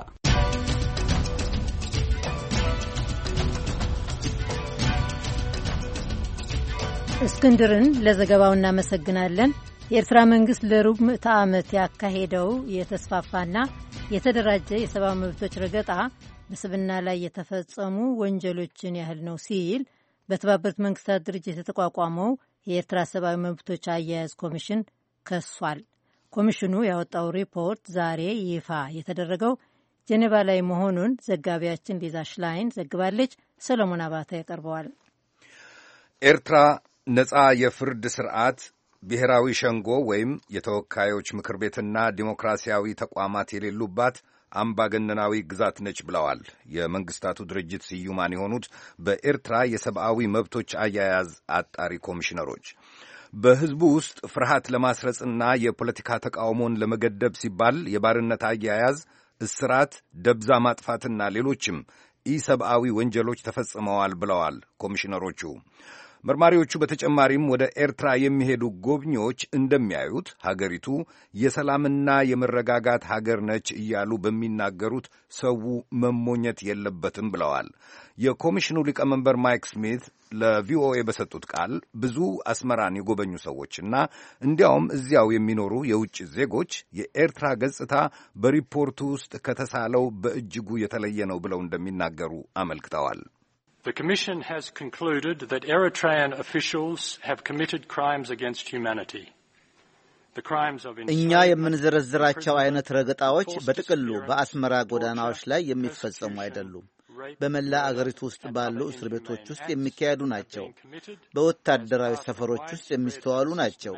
እስክንድርን ለዘገባው እናመሰግናለን። የኤርትራ መንግስት ለሩብ ምዕተ ዓመት ያካሄደው የተስፋፋና የተደራጀ የሰብአዊ መብቶች ረገጣ በስብና ላይ የተፈጸሙ ወንጀሎችን ያህል ነው ሲል በተባበሩት መንግስታት ድርጅት የተቋቋመው የኤርትራ ሰብአዊ መብቶች አያያዝ ኮሚሽን ከሷል። ኮሚሽኑ ያወጣው ሪፖርት ዛሬ ይፋ የተደረገው ጀኔቫ ላይ መሆኑን ዘጋቢያችን ሊዛ ሽላይን ዘግባለች። ሰለሞን አባተ ያቀርበዋል። ኤርትራ ነጻ የፍርድ ስርዓት ብሔራዊ ሸንጎ ወይም የተወካዮች ምክር ቤትና ዲሞክራሲያዊ ተቋማት የሌሉባት አምባገነናዊ ግዛት ነች ብለዋል የመንግስታቱ ድርጅት ስዩማን የሆኑት በኤርትራ የሰብአዊ መብቶች አያያዝ አጣሪ ኮሚሽነሮች። በሕዝቡ ውስጥ ፍርሃት ለማስረጽና የፖለቲካ ተቃውሞን ለመገደብ ሲባል የባርነት አያያዝ፣ እስራት፣ ደብዛ ማጥፋትና ሌሎችም ኢሰብአዊ ወንጀሎች ተፈጽመዋል ብለዋል ኮሚሽነሮቹ። መርማሪዎቹ በተጨማሪም ወደ ኤርትራ የሚሄዱ ጎብኚዎች እንደሚያዩት ሀገሪቱ የሰላምና የመረጋጋት ሀገር ነች እያሉ በሚናገሩት ሰው መሞኘት የለበትም ብለዋል። የኮሚሽኑ ሊቀመንበር ማይክ ስሚት ለቪኦኤ በሰጡት ቃል ብዙ አስመራን የጎበኙ ሰዎችና እንዲያውም እዚያው የሚኖሩ የውጭ ዜጎች የኤርትራ ገጽታ በሪፖርቱ ውስጥ ከተሳለው በእጅጉ የተለየ ነው ብለው እንደሚናገሩ አመልክተዋል። The Commission has concluded that Eritrean officials have committed crimes against humanity. እኛ የምንዘረዝራቸው አይነት ረገጣዎች በጥቅሉ በአስመራ ጎዳናዎች ላይ የሚፈጸሙ አይደሉም። በመላ አገሪቱ ውስጥ ባሉ እስር ቤቶች ውስጥ የሚካሄዱ ናቸው። በወታደራዊ ሰፈሮች ውስጥ የሚስተዋሉ ናቸው።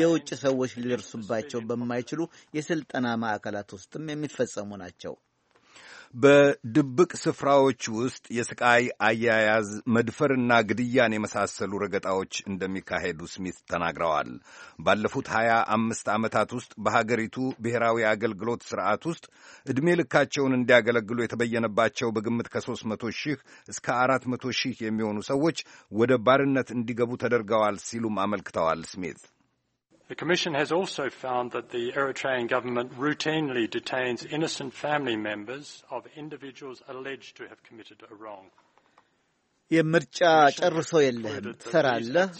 የውጭ ሰዎች ሊደርሱባቸው በማይችሉ የሥልጠና ማዕከላት ውስጥም የሚፈጸሙ ናቸው። በድብቅ ስፍራዎች ውስጥ የስቃይ አያያዝ፣ መድፈርና ግድያን የመሳሰሉ ረገጣዎች እንደሚካሄዱ ስሚት ተናግረዋል። ባለፉት ሀያ አምስት ዓመታት ውስጥ በሀገሪቱ ብሔራዊ አገልግሎት ስርዓት ውስጥ ዕድሜ ልካቸውን እንዲያገለግሉ የተበየነባቸው በግምት ከሦስት መቶ ሺህ እስከ አራት መቶ ሺህ የሚሆኑ ሰዎች ወደ ባርነት እንዲገቡ ተደርገዋል ሲሉም አመልክተዋል ስሚት The Commission has also found that the Eritrean government routinely detains innocent family members of individuals alleged to have committed a wrong. የምርጫ ጨርሶ የለህም፣ ትሰራለህ፣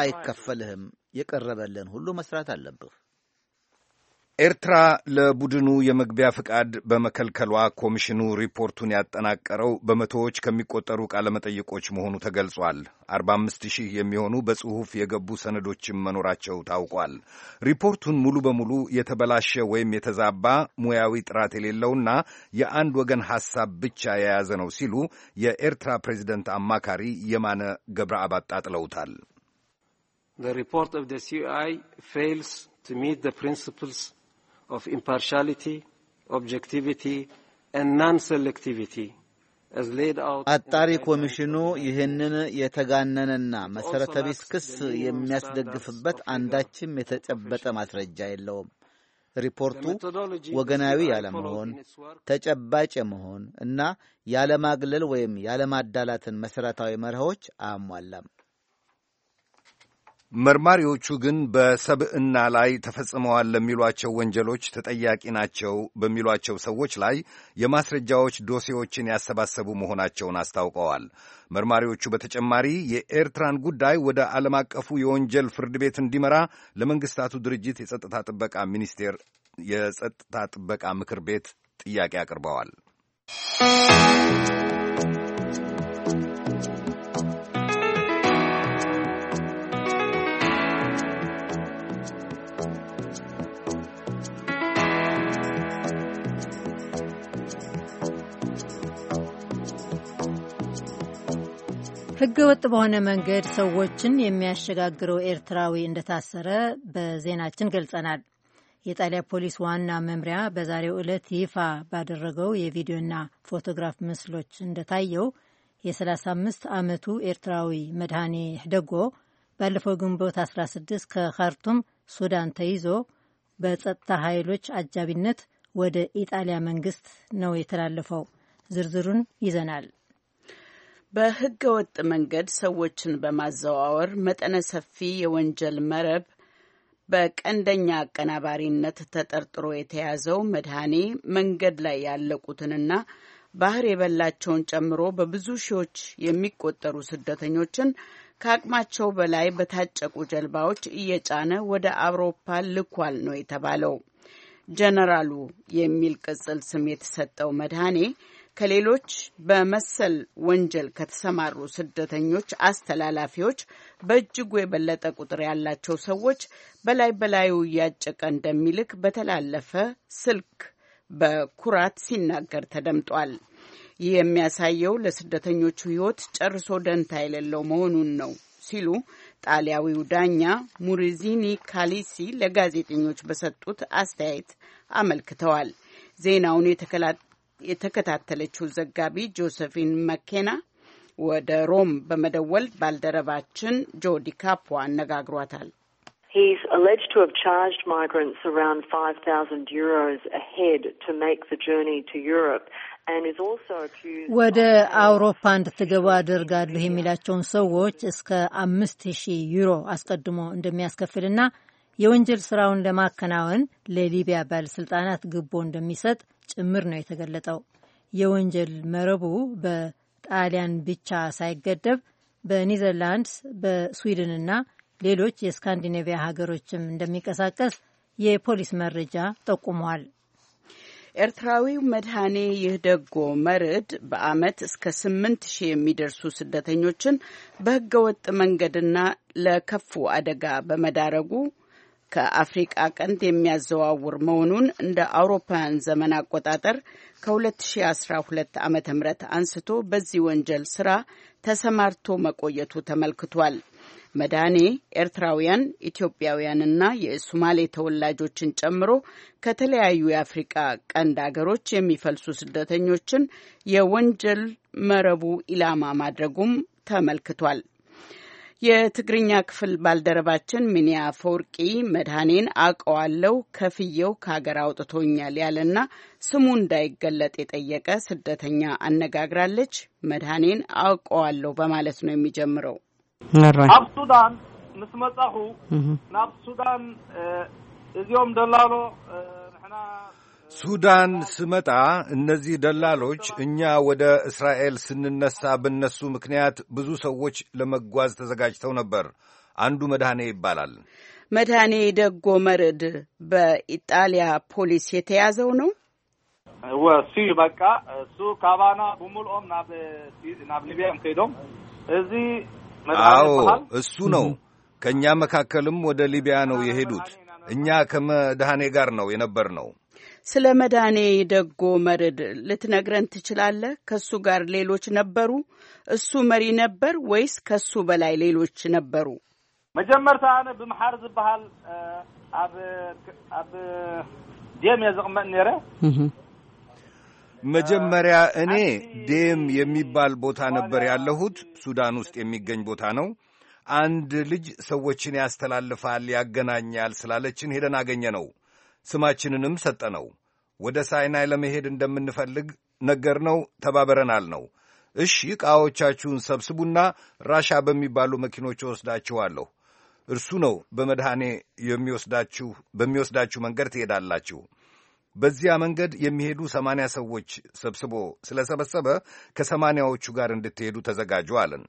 አይከፈልህም። የቀረበልን ሁሉ መስራት አለብህ። ኤርትራ ለቡድኑ የመግቢያ ፍቃድ በመከልከሏ ኮሚሽኑ ሪፖርቱን ያጠናቀረው በመቶዎች ከሚቆጠሩ ቃለመጠይቆች መሆኑ ተገልጿል። 45 ሺህ የሚሆኑ በጽሑፍ የገቡ ሰነዶችም መኖራቸው ታውቋል። ሪፖርቱን ሙሉ በሙሉ የተበላሸ ወይም የተዛባ ሙያዊ ጥራት የሌለውና የአንድ ወገን ሐሳብ ብቻ የያዘ ነው ሲሉ የኤርትራ ፕሬዚደንት አማካሪ የማነ ገብረ አባት ጣጥለውታል። report of the of impartiality, objectivity, and non-selectivity. አጣሪ ኮሚሽኑ ይህንን የተጋነነና መሠረተ ቢስ ክስ የሚያስደግፍበት አንዳችም የተጨበጠ ማስረጃ የለውም። ሪፖርቱ ወገናዊ ያለመሆን፣ ተጨባጭ የመሆን እና ያለማግለል ወይም ያለማዳላትን መሠረታዊ መርሆች አያሟላም። መርማሪዎቹ ግን በሰብዕና ላይ ተፈጽመዋል ለሚሏቸው ወንጀሎች ተጠያቂ ናቸው በሚሏቸው ሰዎች ላይ የማስረጃዎች ዶሴዎችን ያሰባሰቡ መሆናቸውን አስታውቀዋል። መርማሪዎቹ በተጨማሪ የኤርትራን ጉዳይ ወደ ዓለም አቀፉ የወንጀል ፍርድ ቤት እንዲመራ ለመንግስታቱ ድርጅት የጸጥታ ጥበቃ ሚኒስቴር የጸጥታ ጥበቃ ምክር ቤት ጥያቄ አቅርበዋል። ህገ ወጥ በሆነ መንገድ ሰዎችን የሚያሸጋግረው ኤርትራዊ እንደታሰረ በዜናችን ገልጸናል። የጣሊያ ፖሊስ ዋና መምሪያ በዛሬው ዕለት ይፋ ባደረገው የቪዲዮና ፎቶግራፍ ምስሎች እንደታየው የ35 ዓመቱ ኤርትራዊ መድኃኔ ህደጎ ባለፈው ግንቦት 16 ከካርቱም ሱዳን ተይዞ በጸጥታ ኃይሎች አጃቢነት ወደ ኢጣሊያ መንግስት ነው የተላለፈው። ዝርዝሩን ይዘናል። በህገወጥ ወጥ መንገድ ሰዎችን በማዘዋወር መጠነ ሰፊ የወንጀል መረብ በቀንደኛ አቀናባሪነት ተጠርጥሮ የተያዘው መድኃኔ መንገድ ላይ ያለቁትንና ባህር የበላቸውን ጨምሮ በብዙ ሺዎች የሚቆጠሩ ስደተኞችን ከአቅማቸው በላይ በታጨቁ ጀልባዎች እየጫነ ወደ አውሮፓ ልኳል ነው የተባለው። ጀነራሉ የሚል ቅጽል ስም የተሰጠው መድኃኔ ከሌሎች በመሰል ወንጀል ከተሰማሩ ስደተኞች አስተላላፊዎች በእጅጉ የበለጠ ቁጥር ያላቸው ሰዎች በላይ በላዩ እያጨቀ እንደሚልክ በተላለፈ ስልክ በኩራት ሲናገር ተደምጧል። ይህ የሚያሳየው ለስደተኞቹ ሕይወት ጨርሶ ደንታ የሌለው መሆኑን ነው ሲሉ ጣሊያዊው ዳኛ ሙሪዚኒ ካሊሲ ለጋዜጠኞች በሰጡት አስተያየት አመልክተዋል። ዜናውን የተከታተለችው ዘጋቢ ጆሴፊን መኬና ወደ ሮም በመደወል ባልደረባችን ጆዲ ካፖ አነጋግሯታል። ወደ አውሮፓ እንድትገባ አደርጋለሁ የሚላቸውን ሰዎች እስከ አምስት ሺህ ዩሮ አስቀድሞ እንደሚያስከፍልና የወንጀል ስራውን ለማከናወን ለሊቢያ ባለስልጣናት ግቦ እንደሚሰጥ ጭምር ነው የተገለጠው። የወንጀል መረቡ በጣሊያን ብቻ ሳይገደብ በኒዘርላንድስ በስዊድንና ሌሎች የስካንዲኔቪያ ሀገሮችም እንደሚንቀሳቀስ የፖሊስ መረጃ ጠቁመዋል። ኤርትራዊው መድኃኔ ይህ ደጎ መርድ በአመት እስከ ስምንት ሺህ የሚደርሱ ስደተኞችን በህገወጥ መንገድና ለከፉ አደጋ በመዳረጉ ከአፍሪቃ ቀንድ የሚያዘዋውር መሆኑን እንደ አውሮፓውያን ዘመን አቆጣጠር ከ2012 ዓ ም አንስቶ በዚህ ወንጀል ስራ ተሰማርቶ መቆየቱ ተመልክቷል። መድኃኔ ኤርትራውያን፣ ኢትዮጵያውያንና የሶማሌ ተወላጆችን ጨምሮ ከተለያዩ የአፍሪቃ ቀንድ አገሮች የሚፈልሱ ስደተኞችን የወንጀል መረቡ ኢላማ ማድረጉም ተመልክቷል። የትግርኛ ክፍል ባልደረባችን ሚኒያ ፎርቂ መድኃኔን አውቀዋለሁ ከፍየው ከሀገር አውጥቶኛል ያለና ስሙ እንዳይገለጥ የጠየቀ ስደተኛ አነጋግራለች። መድኃኔን አውቀዋለሁ በማለት ነው የሚጀምረው። ኣብ ሱዳን ምስ መጻኹ ናብ ሱዳን እዚኦም ደላሎ ንሕና ሱዳን ስመጣ እነዚህ ደላሎች እኛ ወደ እስራኤል ስንነሳ በነሱ ምክንያት ብዙ ሰዎች ለመጓዝ ተዘጋጅተው ነበር። አንዱ መድኃኔ ይባላል። መድኃኔ ደጎ መርድ በኢጣሊያ ፖሊስ የተያዘው ነው። ወሲ በቃ እሱ ካባና ብሙልኦም ናብ ሊቢያም ከይዶም እዚ አዎ እሱ ነው። ከእኛ መካከልም ወደ ሊቢያ ነው የሄዱት። እኛ ከመድኃኔ ጋር ነው የነበር ነው ስለ መዳኔ ደጎ መርድ ልትነግረን ትችላለህ? ከሱ ጋር ሌሎች ነበሩ? እሱ መሪ ነበር ወይስ ከሱ በላይ ሌሎች ነበሩ? መጀመርታ ኣነ ብምሓር ዝበሃል ኣብ ኣብ ዴም እየ ዝቕመጥ ነይረ። መጀመሪያ እኔ ዴም የሚባል ቦታ ነበር ያለሁት። ሱዳን ውስጥ የሚገኝ ቦታ ነው። አንድ ልጅ ሰዎችን ያስተላልፋል፣ ያገናኛል ስላለችን ሄደን አገኘ ነው ስማችንንም ሰጠ ነው። ወደ ሳይናይ ለመሄድ እንደምንፈልግ ነገር ነው ተባበረናል ነው። እሺ ዕቃዎቻችሁን ሰብስቡና ራሻ በሚባሉ መኪኖች ወስዳችኋለሁ። እርሱ ነው በመድኃኔ የሚወስዳችሁ በሚወስዳችሁ መንገድ ትሄዳላችሁ። በዚያ መንገድ የሚሄዱ ሰማንያ ሰዎች ሰብስቦ ስለሰበሰበ ከሰማንያዎቹ ጋር እንድትሄዱ ተዘጋጁ አለን።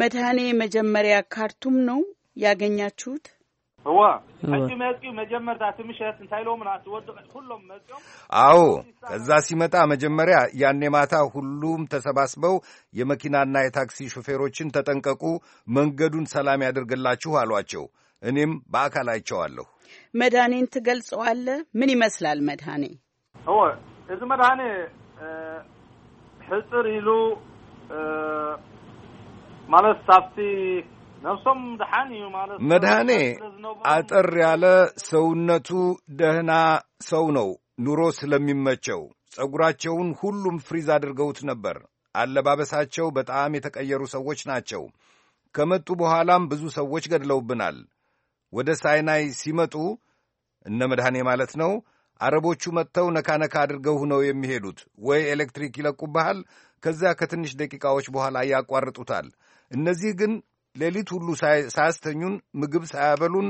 መድኃኔ መጀመሪያ ካርቱም ነው ያገኛችሁት? አዎ ከዛ ሲመጣ መጀመሪያ ያኔ ማታ ሁሉም ተሰባስበው የመኪናና የታክሲ ሹፌሮችን ተጠንቀቁ፣ መንገዱን ሰላም ያደርግላችሁ አሏቸው። እኔም በአካል አይቼዋለሁ። መድኃኔን ትገልጸዋለ? ምን ይመስላል መድኃኔ? እዚ መድኃኔ ሕፅር ኢሉ ማለት ሳብቲ መድኃኔ አጠር ያለ ሰውነቱ ደህና ሰው ነው። ኑሮ ስለሚመቸው ጸጉራቸውን ሁሉም ፍሪዝ አድርገውት ነበር። አለባበሳቸው በጣም የተቀየሩ ሰዎች ናቸው። ከመጡ በኋላም ብዙ ሰዎች ገድለውብናል። ወደ ሳይናይ ሲመጡ እነ መድኃኔ ማለት ነው አረቦቹ መጥተው ነካነካ አድርገው ነው የሚሄዱት። ወይ ኤሌክትሪክ ይለቁብሃል፣ ከዚያ ከትንሽ ደቂቃዎች በኋላ ያቋርጡታል። እነዚህ ግን ሌሊት ሁሉ ሳያስተኙን ምግብ ሳያበሉን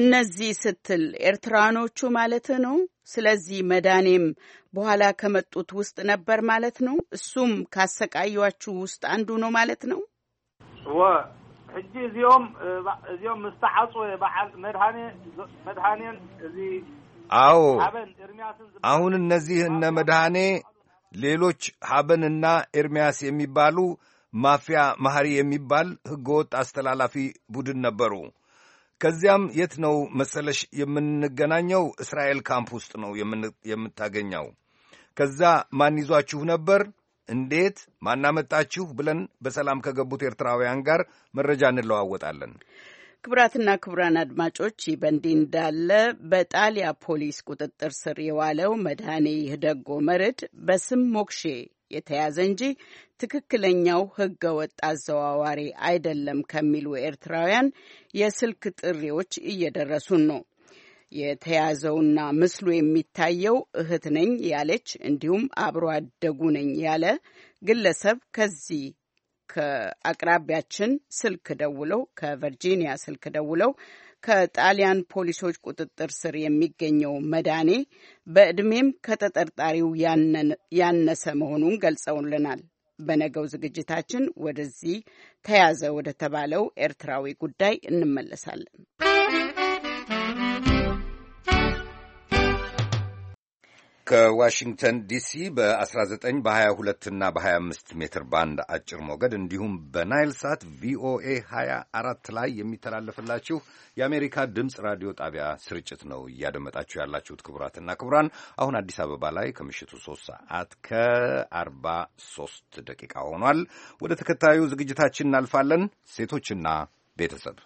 እነዚህ ስትል ኤርትራኖቹ ማለት ነው። ስለዚህ መዳኔም በኋላ ከመጡት ውስጥ ነበር ማለት ነው። እሱም ካሰቃዩችሁ ውስጥ አንዱ ነው ማለት ነው። ሕጂ እዚኦም እዚኦም ምስ በዓል መድሃኔን እዚ አዎ፣ አሁን እነዚህ እነ መድሃኔ ሌሎች ሀበንና ኤርምያስ የሚባሉ ማፊያ ማህሪ የሚባል ህገወጥ አስተላላፊ ቡድን ነበሩ። ከዚያም የት ነው መሰለሽ የምንገናኘው? እስራኤል ካምፕ ውስጥ ነው የምታገኘው። ከዛ ማን ይዟችሁ ነበር? እንዴት ማናመጣችሁ? ብለን በሰላም ከገቡት ኤርትራውያን ጋር መረጃ እንለዋወጣለን። ክቡራትና ክቡራን አድማጮች ይህ በእንዲህ እንዳለ በጣሊያ ፖሊስ ቁጥጥር ስር የዋለው መድኃኔ ይህ ደጎ መርድ በስም ሞክሼ የተያዘ እንጂ ትክክለኛው ህገ ወጥ አዘዋዋሪ አይደለም ከሚሉ ኤርትራውያን የስልክ ጥሪዎች እየደረሱን ነው። የተያዘውና ምስሉ የሚታየው እህት ነኝ ያለች እንዲሁም አብሮ አደጉ ነኝ ያለ ግለሰብ ከዚህ ከአቅራቢያችን ስልክ ደውለው ከቨርጂኒያ ስልክ ደውለው ከጣሊያን ፖሊሶች ቁጥጥር ስር የሚገኘው መዳኔ በዕድሜም ከተጠርጣሪው ያነሰ መሆኑን ገልጸውልናል። በነገው ዝግጅታችን ወደዚህ ተያዘ ወደ ተባለው ኤርትራዊ ጉዳይ እንመለሳለን። ከዋሽንግተን ዲሲ በ19 በ22 እና በ25 ሜትር ባንድ አጭር ሞገድ እንዲሁም በናይል ሳት ቪኦኤ 24 ላይ የሚተላለፍላችሁ የአሜሪካ ድምፅ ራዲዮ ጣቢያ ስርጭት ነው እያደመጣችሁ ያላችሁት። ክቡራትና ክቡራን አሁን አዲስ አበባ ላይ ከምሽቱ 3 ሰዓት ከ43 ደቂቃ ሆኗል። ወደ ተከታዩ ዝግጅታችን እናልፋለን። ሴቶችና ቤተሰብ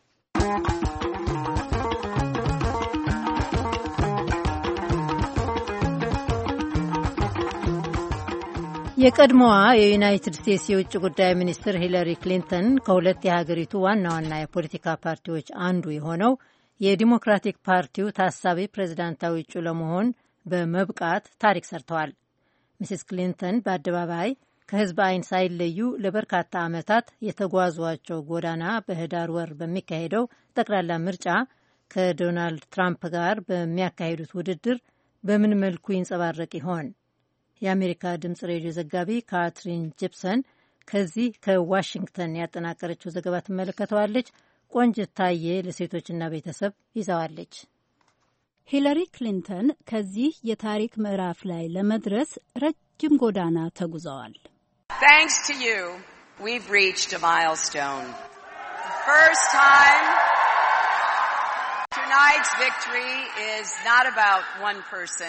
የቀድሞዋ የዩናይትድ ስቴትስ የውጭ ጉዳይ ሚኒስትር ሂለሪ ክሊንተን ከሁለት የሀገሪቱ ዋና ዋና የፖለቲካ ፓርቲዎች አንዱ የሆነው የዲሞክራቲክ ፓርቲው ታሳቢ ፕሬዚዳንታዊ እጩ ለመሆን በመብቃት ታሪክ ሰርተዋል። ሚስስ ክሊንተን በአደባባይ ከህዝብ አይን ሳይለዩ ለበርካታ ዓመታት የተጓዟቸው ጎዳና በህዳር ወር በሚካሄደው ጠቅላላ ምርጫ ከዶናልድ ትራምፕ ጋር በሚያካሂዱት ውድድር በምን መልኩ ይንጸባረቅ ይሆን የአሜሪካ ድምፅ ሬዲዮ ዘጋቢ ካትሪን ጂፕሰን ከዚህ ከዋሽንግተን ያጠናቀረችው ዘገባ ትመለከተዋለች። ቆንጅት ታዬ ለሴቶችና ቤተሰብ ይዘዋለች። ሂለሪ ክሊንተን ከዚህ የታሪክ ምዕራፍ ላይ ለመድረስ ረጅም ጎዳና ተጉዘዋል።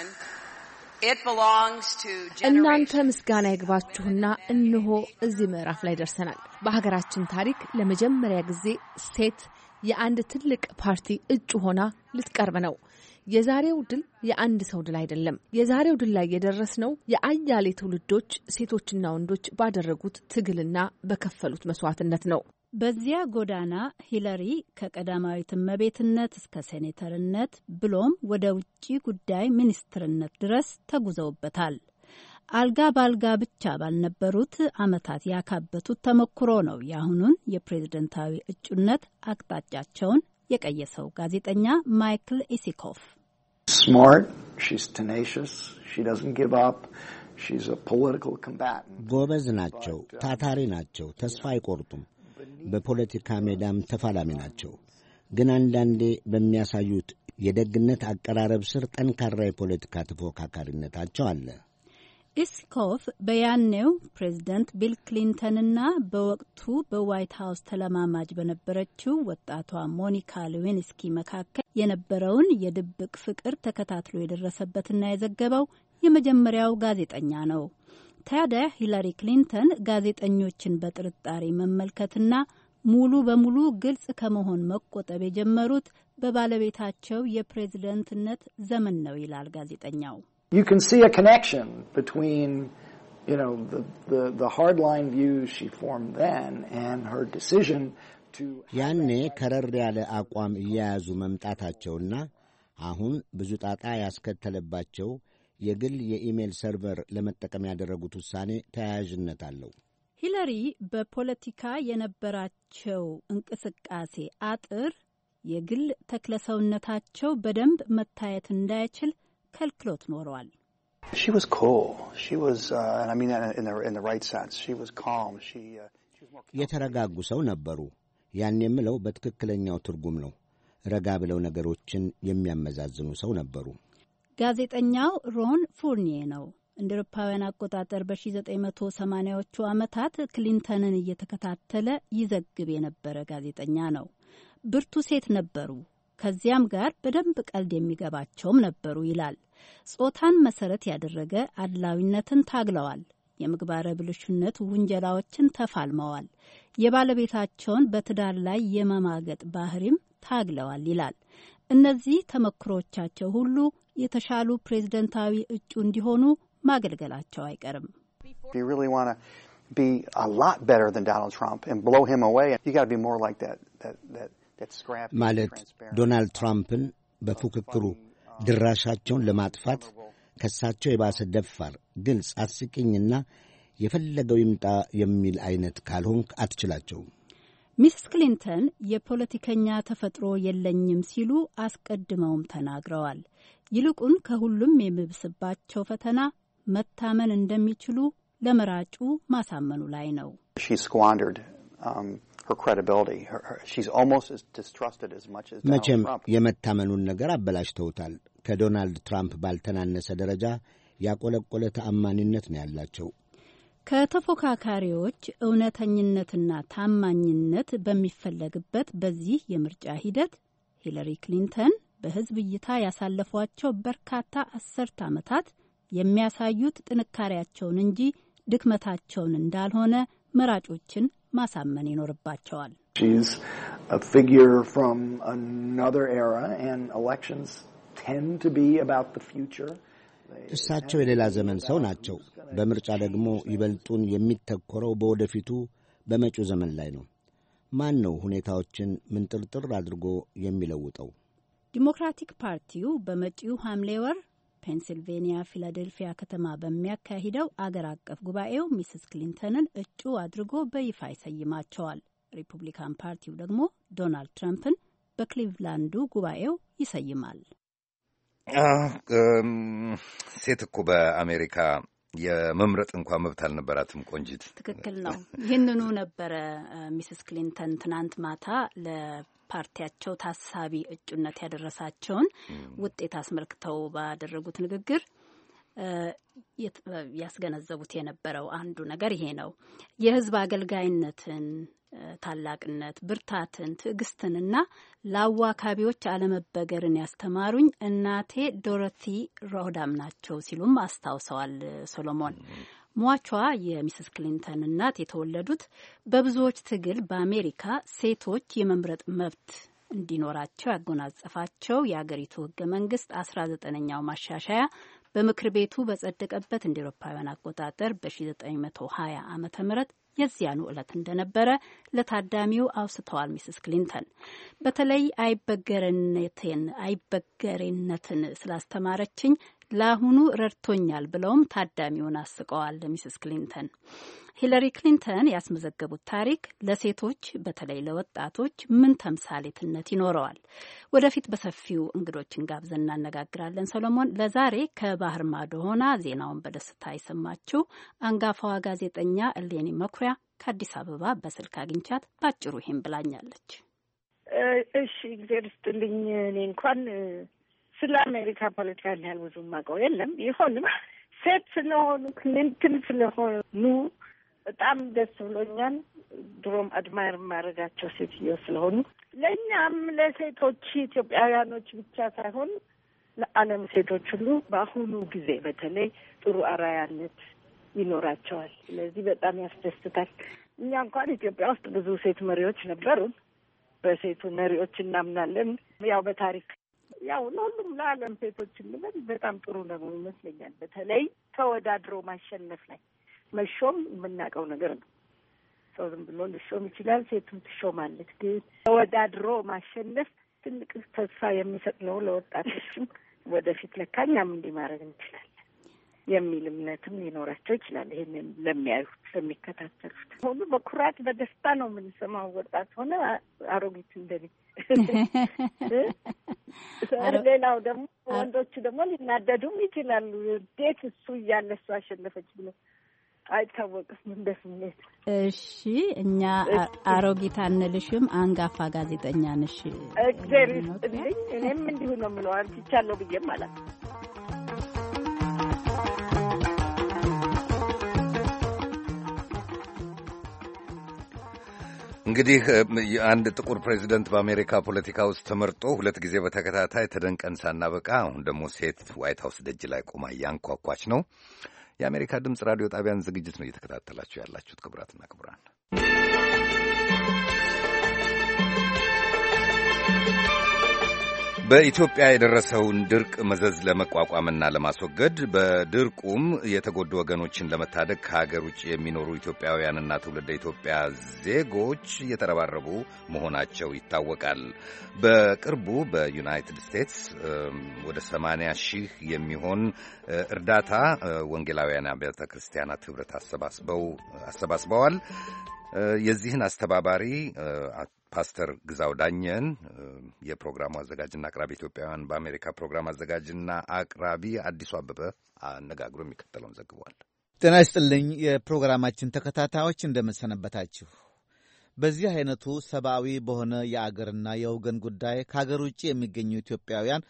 ስ እናንተ ምስጋና ይግባችሁና እንሆ እዚህ ምዕራፍ ላይ ደርሰናል። በሀገራችን ታሪክ ለመጀመሪያ ጊዜ ሴት የአንድ ትልቅ ፓርቲ እጩ ሆና ልትቀርብ ነው። የዛሬው ድል የአንድ ሰው ድል አይደለም። የዛሬው ድል ላይ የደረስነው የአያሌ ትውልዶች ሴቶችና ወንዶች ባደረጉት ትግልና በከፈሉት መስዋዕትነት ነው። በዚያ ጎዳና ሂለሪ ከቀዳማዊት እመቤትነት እስከ ሴኔተርነት ብሎም ወደ ውጭ ጉዳይ ሚኒስትርነት ድረስ ተጉዘውበታል። አልጋ ባልጋ ብቻ ባልነበሩት ዓመታት ያካበቱት ተሞክሮ ነው የአሁኑን የፕሬዝደንታዊ እጩነት አቅጣጫቸውን የቀየሰው። ጋዜጠኛ ማይክል ኢሲኮፍ ጎበዝ ናቸው፣ ታታሪ ናቸው፣ ተስፋ አይቆርጡም። በፖለቲካ ሜዳም ተፋላሚ ናቸው። ግን አንዳንዴ በሚያሳዩት የደግነት አቀራረብ ስር ጠንካራ የፖለቲካ ተፎካካሪነታቸው አለ። ኢስኮፍ በያኔው ፕሬዝደንት ቢል ክሊንተንና በወቅቱ በዋይት ሀውስ ተለማማጅ በነበረችው ወጣቷ ሞኒካ ሌዊንስኪ መካከል የነበረውን የድብቅ ፍቅር ተከታትሎ የደረሰበትና የዘገበው የመጀመሪያው ጋዜጠኛ ነው። ታዲያ ሂላሪ ክሊንተን ጋዜጠኞችን በጥርጣሬ መመልከትና ሙሉ በሙሉ ግልጽ ከመሆን መቆጠብ የጀመሩት በባለቤታቸው የፕሬዝደንትነት ዘመን ነው ይላል ጋዜጠኛው። ያኔ ከረር ያለ አቋም እየያዙ መምጣታቸውና አሁን ብዙ ጣጣ ያስከተለባቸው የግል የኢሜል ሰርቨር ለመጠቀም ያደረጉት ውሳኔ ተያያዥነት አለው። ሂለሪ በፖለቲካ የነበራቸው እንቅስቃሴ አጥር የግል ተክለሰውነታቸው በደንብ መታየት እንዳይችል ከልክሎት ኖረዋል። uh, የተረጋጉ ሰው ነበሩ። ያን የምለው በትክክለኛው ትርጉም ነው። ረጋ ብለው ነገሮችን የሚያመዛዝኑ ሰው ነበሩ። ጋዜጠኛው ሮን ፉርኒ ነው። እንደ አውሮፓውያን አቆጣጠር በ1980ዎቹ ዓመታት ክሊንተንን እየተከታተለ ይዘግብ የነበረ ጋዜጠኛ ነው። ብርቱ ሴት ነበሩ። ከዚያም ጋር በደንብ ቀልድ የሚገባቸውም ነበሩ ይላል። ጾታን መሰረት ያደረገ አድላዊነትን ታግለዋል። የምግባረ ብልሹነት ውንጀላዎችን ተፋልመዋል። የባለቤታቸውን በትዳር ላይ የመማገጥ ባህሪም ታግለዋል ይላል። እነዚህ ተመክሮቻቸው ሁሉ የተሻሉ ፕሬዝደንታዊ እጩ እንዲሆኑ ማገልገላቸው አይቀርም። ማለት ዶናልድ ትራምፕን በፉክክሩ um, ድራሻቸውን ለማጥፋት ከሳቸው የባሰ ደፋር፣ ግልጽ፣ አስቂኝና የፈለገው ይምጣ የሚል አይነት ካልሆንክ አትችላቸውም። ሚስስ ክሊንተን የፖለቲከኛ ተፈጥሮ የለኝም ሲሉ አስቀድመውም ተናግረዋል። ይልቁን ከሁሉም የሚብስባቸው ፈተና መታመን እንደሚችሉ ለመራጩ ማሳመኑ ላይ ነው። um, መቼም የመታመኑን ነገር አበላሽተውታል። ከዶናልድ ትራምፕ ባልተናነሰ ደረጃ ያቆለቆለ ተአማኒነት ነው ያላቸው። ከተፎካካሪዎች እውነተኝነትና ታማኝነት በሚፈለግበት በዚህ የምርጫ ሂደት ሂለሪ ክሊንተን በህዝብ እይታ ያሳለፏቸው በርካታ አስርት ዓመታት የሚያሳዩት ጥንካሬያቸውን እንጂ ድክመታቸውን እንዳልሆነ መራጮችን ማሳመን ይኖርባቸዋል። እሳቸው የሌላ ዘመን ሰው ናቸው። በምርጫ ደግሞ ይበልጡን የሚተኮረው በወደፊቱ በመጪው ዘመን ላይ ነው። ማን ነው ሁኔታዎችን ምንጥርጥር አድርጎ የሚለውጠው? ዲሞክራቲክ ፓርቲው በመጪው ሐምሌ ወር ፔንሲልቬኒያ ፊላዴልፊያ ከተማ በሚያካሂደው አገር አቀፍ ጉባኤው ሚስስ ክሊንተንን እጩ አድርጎ በይፋ ይሰይማቸዋል። ሪፑብሊካን ፓርቲው ደግሞ ዶናልድ ትራምፕን በክሊቭላንዱ ጉባኤው ይሰይማል። ሴት እኮ በአሜሪካ የመምረጥ እንኳን መብት አልነበራትም። ቆንጂት፣ ትክክል ነው። ይህንኑ ነበረ ሚስስ ክሊንተን ትናንት ማታ ፓርቲያቸው ታሳቢ እጩነት ያደረሳቸውን ውጤት አስመልክተው ባደረጉት ንግግር ያስገነዘቡት የነበረው አንዱ ነገር ይሄ ነው። የህዝብ አገልጋይነትን፣ ታላቅነት፣ ብርታትን፣ ትዕግስትንና ለአዋካቢዎች አለመበገርን ያስተማሩኝ እናቴ ዶሮቲ ሮዳም ናቸው ሲሉም አስታውሰዋል። ሶሎሞን ሟቿ የሚስስ ክሊንተን እናት የተወለዱት በብዙዎች ትግል በአሜሪካ ሴቶች የመምረጥ መብት እንዲኖራቸው ያጎናጸፋቸው የአገሪቱ ህገ መንግስት አስራ ዘጠነኛው ማሻሻያ በምክር ቤቱ በጸደቀበት እንደ ኤሮፓውያን አቆጣጠር በ1920 ዓ ም የዚያኑ ዕለት እንደነበረ ለታዳሚው አውስተዋል። ሚስስ ክሊንተን በተለይ አይበገሬነትን አይበገሬነትን ስላስተማረችኝ ለአሁኑ ረድቶኛል ብለውም ታዳሚውን አስቀዋል። ሚስስ ክሊንተን ሂለሪ ክሊንተን ያስመዘገቡት ታሪክ ለሴቶች በተለይ ለወጣቶች ምን ተምሳሌትነት ይኖረዋል? ወደፊት በሰፊው እንግዶችን ጋብዘን እናነጋግራለን። ሰሎሞን፣ ለዛሬ ከባህር ማዶ ሆና ዜናውን በደስታ የሰማችው አንጋፋዋ ጋዜጠኛ እሌኒ መኩሪያ ከአዲስ አበባ በስልክ አግኝቻት ባጭሩ ይሄን ብላኛለች። እሺ፣ እግዜር ይስጥልኝ። እኔ እንኳን ስለ አሜሪካ ፖለቲካ ያህል ብዙ የማውቀው የለም። ይሆንም ሴት ስለሆኑ ክሊንትን ስለሆኑ በጣም ደስ ብሎኛል። ድሮም አድማየር የማደርጋቸው ሴትዮ ስለሆኑ ለእኛም ለሴቶች ኢትዮጵያውያኖች ብቻ ሳይሆን ለዓለም ሴቶች ሁሉ በአሁኑ ጊዜ በተለይ ጥሩ አራያነት ይኖራቸዋል። ስለዚህ በጣም ያስደስታል። እኛ እንኳን ኢትዮጵያ ውስጥ ብዙ ሴት መሪዎች ነበሩን። በሴቱ መሪዎች እናምናለን። ያው በታሪክ ያው ለሁሉም ለዓለም ሴቶች እንበል በጣም ጥሩ ነው ይመስለኛል። በተለይ ተወዳድሮ ማሸነፍ ላይ መሾም የምናውቀው ነገር ነው። ሰው ዝም ብሎ ልሾም ይችላል፣ ሴቱም ትሾማለች። ግን ተወዳድሮ ማሸነፍ ትልቅ ተስፋ የሚሰጥ ነው ለወጣቶችም። ወደፊት ለካኛም እንዲህ ማድረግ እንችላል። የሚል እምነትም ሊኖራቸው ይችላል። ይህንን ለሚያዩት ለሚከታተሉት ሁሉ በኩራት በደስታ ነው የምንሰማው። ወጣት ሆነ አሮጊት እንደኔ። ሌላው ደግሞ ወንዶቹ ደግሞ ሊናደዱም ይችላሉ። እንዴት እሱ እያለ እሱ አሸነፈች ብሎ አይታወቅም እንደ ስሜት። እሺ እኛ አሮጊት አንልሽም፣ አንጋፋ ጋዜጠኛ ነሽ። እግዜር ይስጥልኝ። እኔም እንዲሁ ነው የምለው። አንቺቻለሁ ብዬም አላት እንግዲህ አንድ ጥቁር ፕሬዚደንት በአሜሪካ ፖለቲካ ውስጥ ተመርጦ ሁለት ጊዜ በተከታታይ ተደንቀን ሳናበቃ አሁን ደግሞ ሴት ዋይት ሀውስ ደጅ ላይ ቆማ እያንኳኳች ነው። የአሜሪካ ድምፅ ራዲዮ ጣቢያን ዝግጅት ነው እየተከታተላችሁ ያላችሁት ክቡራትና ክቡራን። በኢትዮጵያ የደረሰውን ድርቅ መዘዝ ለመቋቋምና ለማስወገድ በድርቁም የተጎዱ ወገኖችን ለመታደግ ከሀገር ውጭ የሚኖሩ ኢትዮጵያውያንና ትውልደ ኢትዮጵያ ዜጎች እየተረባረቡ መሆናቸው ይታወቃል። በቅርቡ በዩናይትድ ስቴትስ ወደ 80 ሺህ የሚሆን እርዳታ ወንጌላውያን አብያተ ክርስቲያናት ኅብረት አሰባስበዋል። የዚህን አስተባባሪ ፓስተር ግዛው ዳኘን የፕሮግራሙ አዘጋጅና አቅራቢ ኢትዮጵያውያን በአሜሪካ ፕሮግራም አዘጋጅና አቅራቢ አዲሱ አበበ አነጋግሮ የሚከተለውን ዘግቧል። ጤና ይስጥልኝ የፕሮግራማችን ተከታታዮች እንደምንሰነበታችሁ። በዚህ አይነቱ ሰብአዊ በሆነ የአገርና የወገን ጉዳይ ከአገር ውጭ የሚገኙ ኢትዮጵያውያን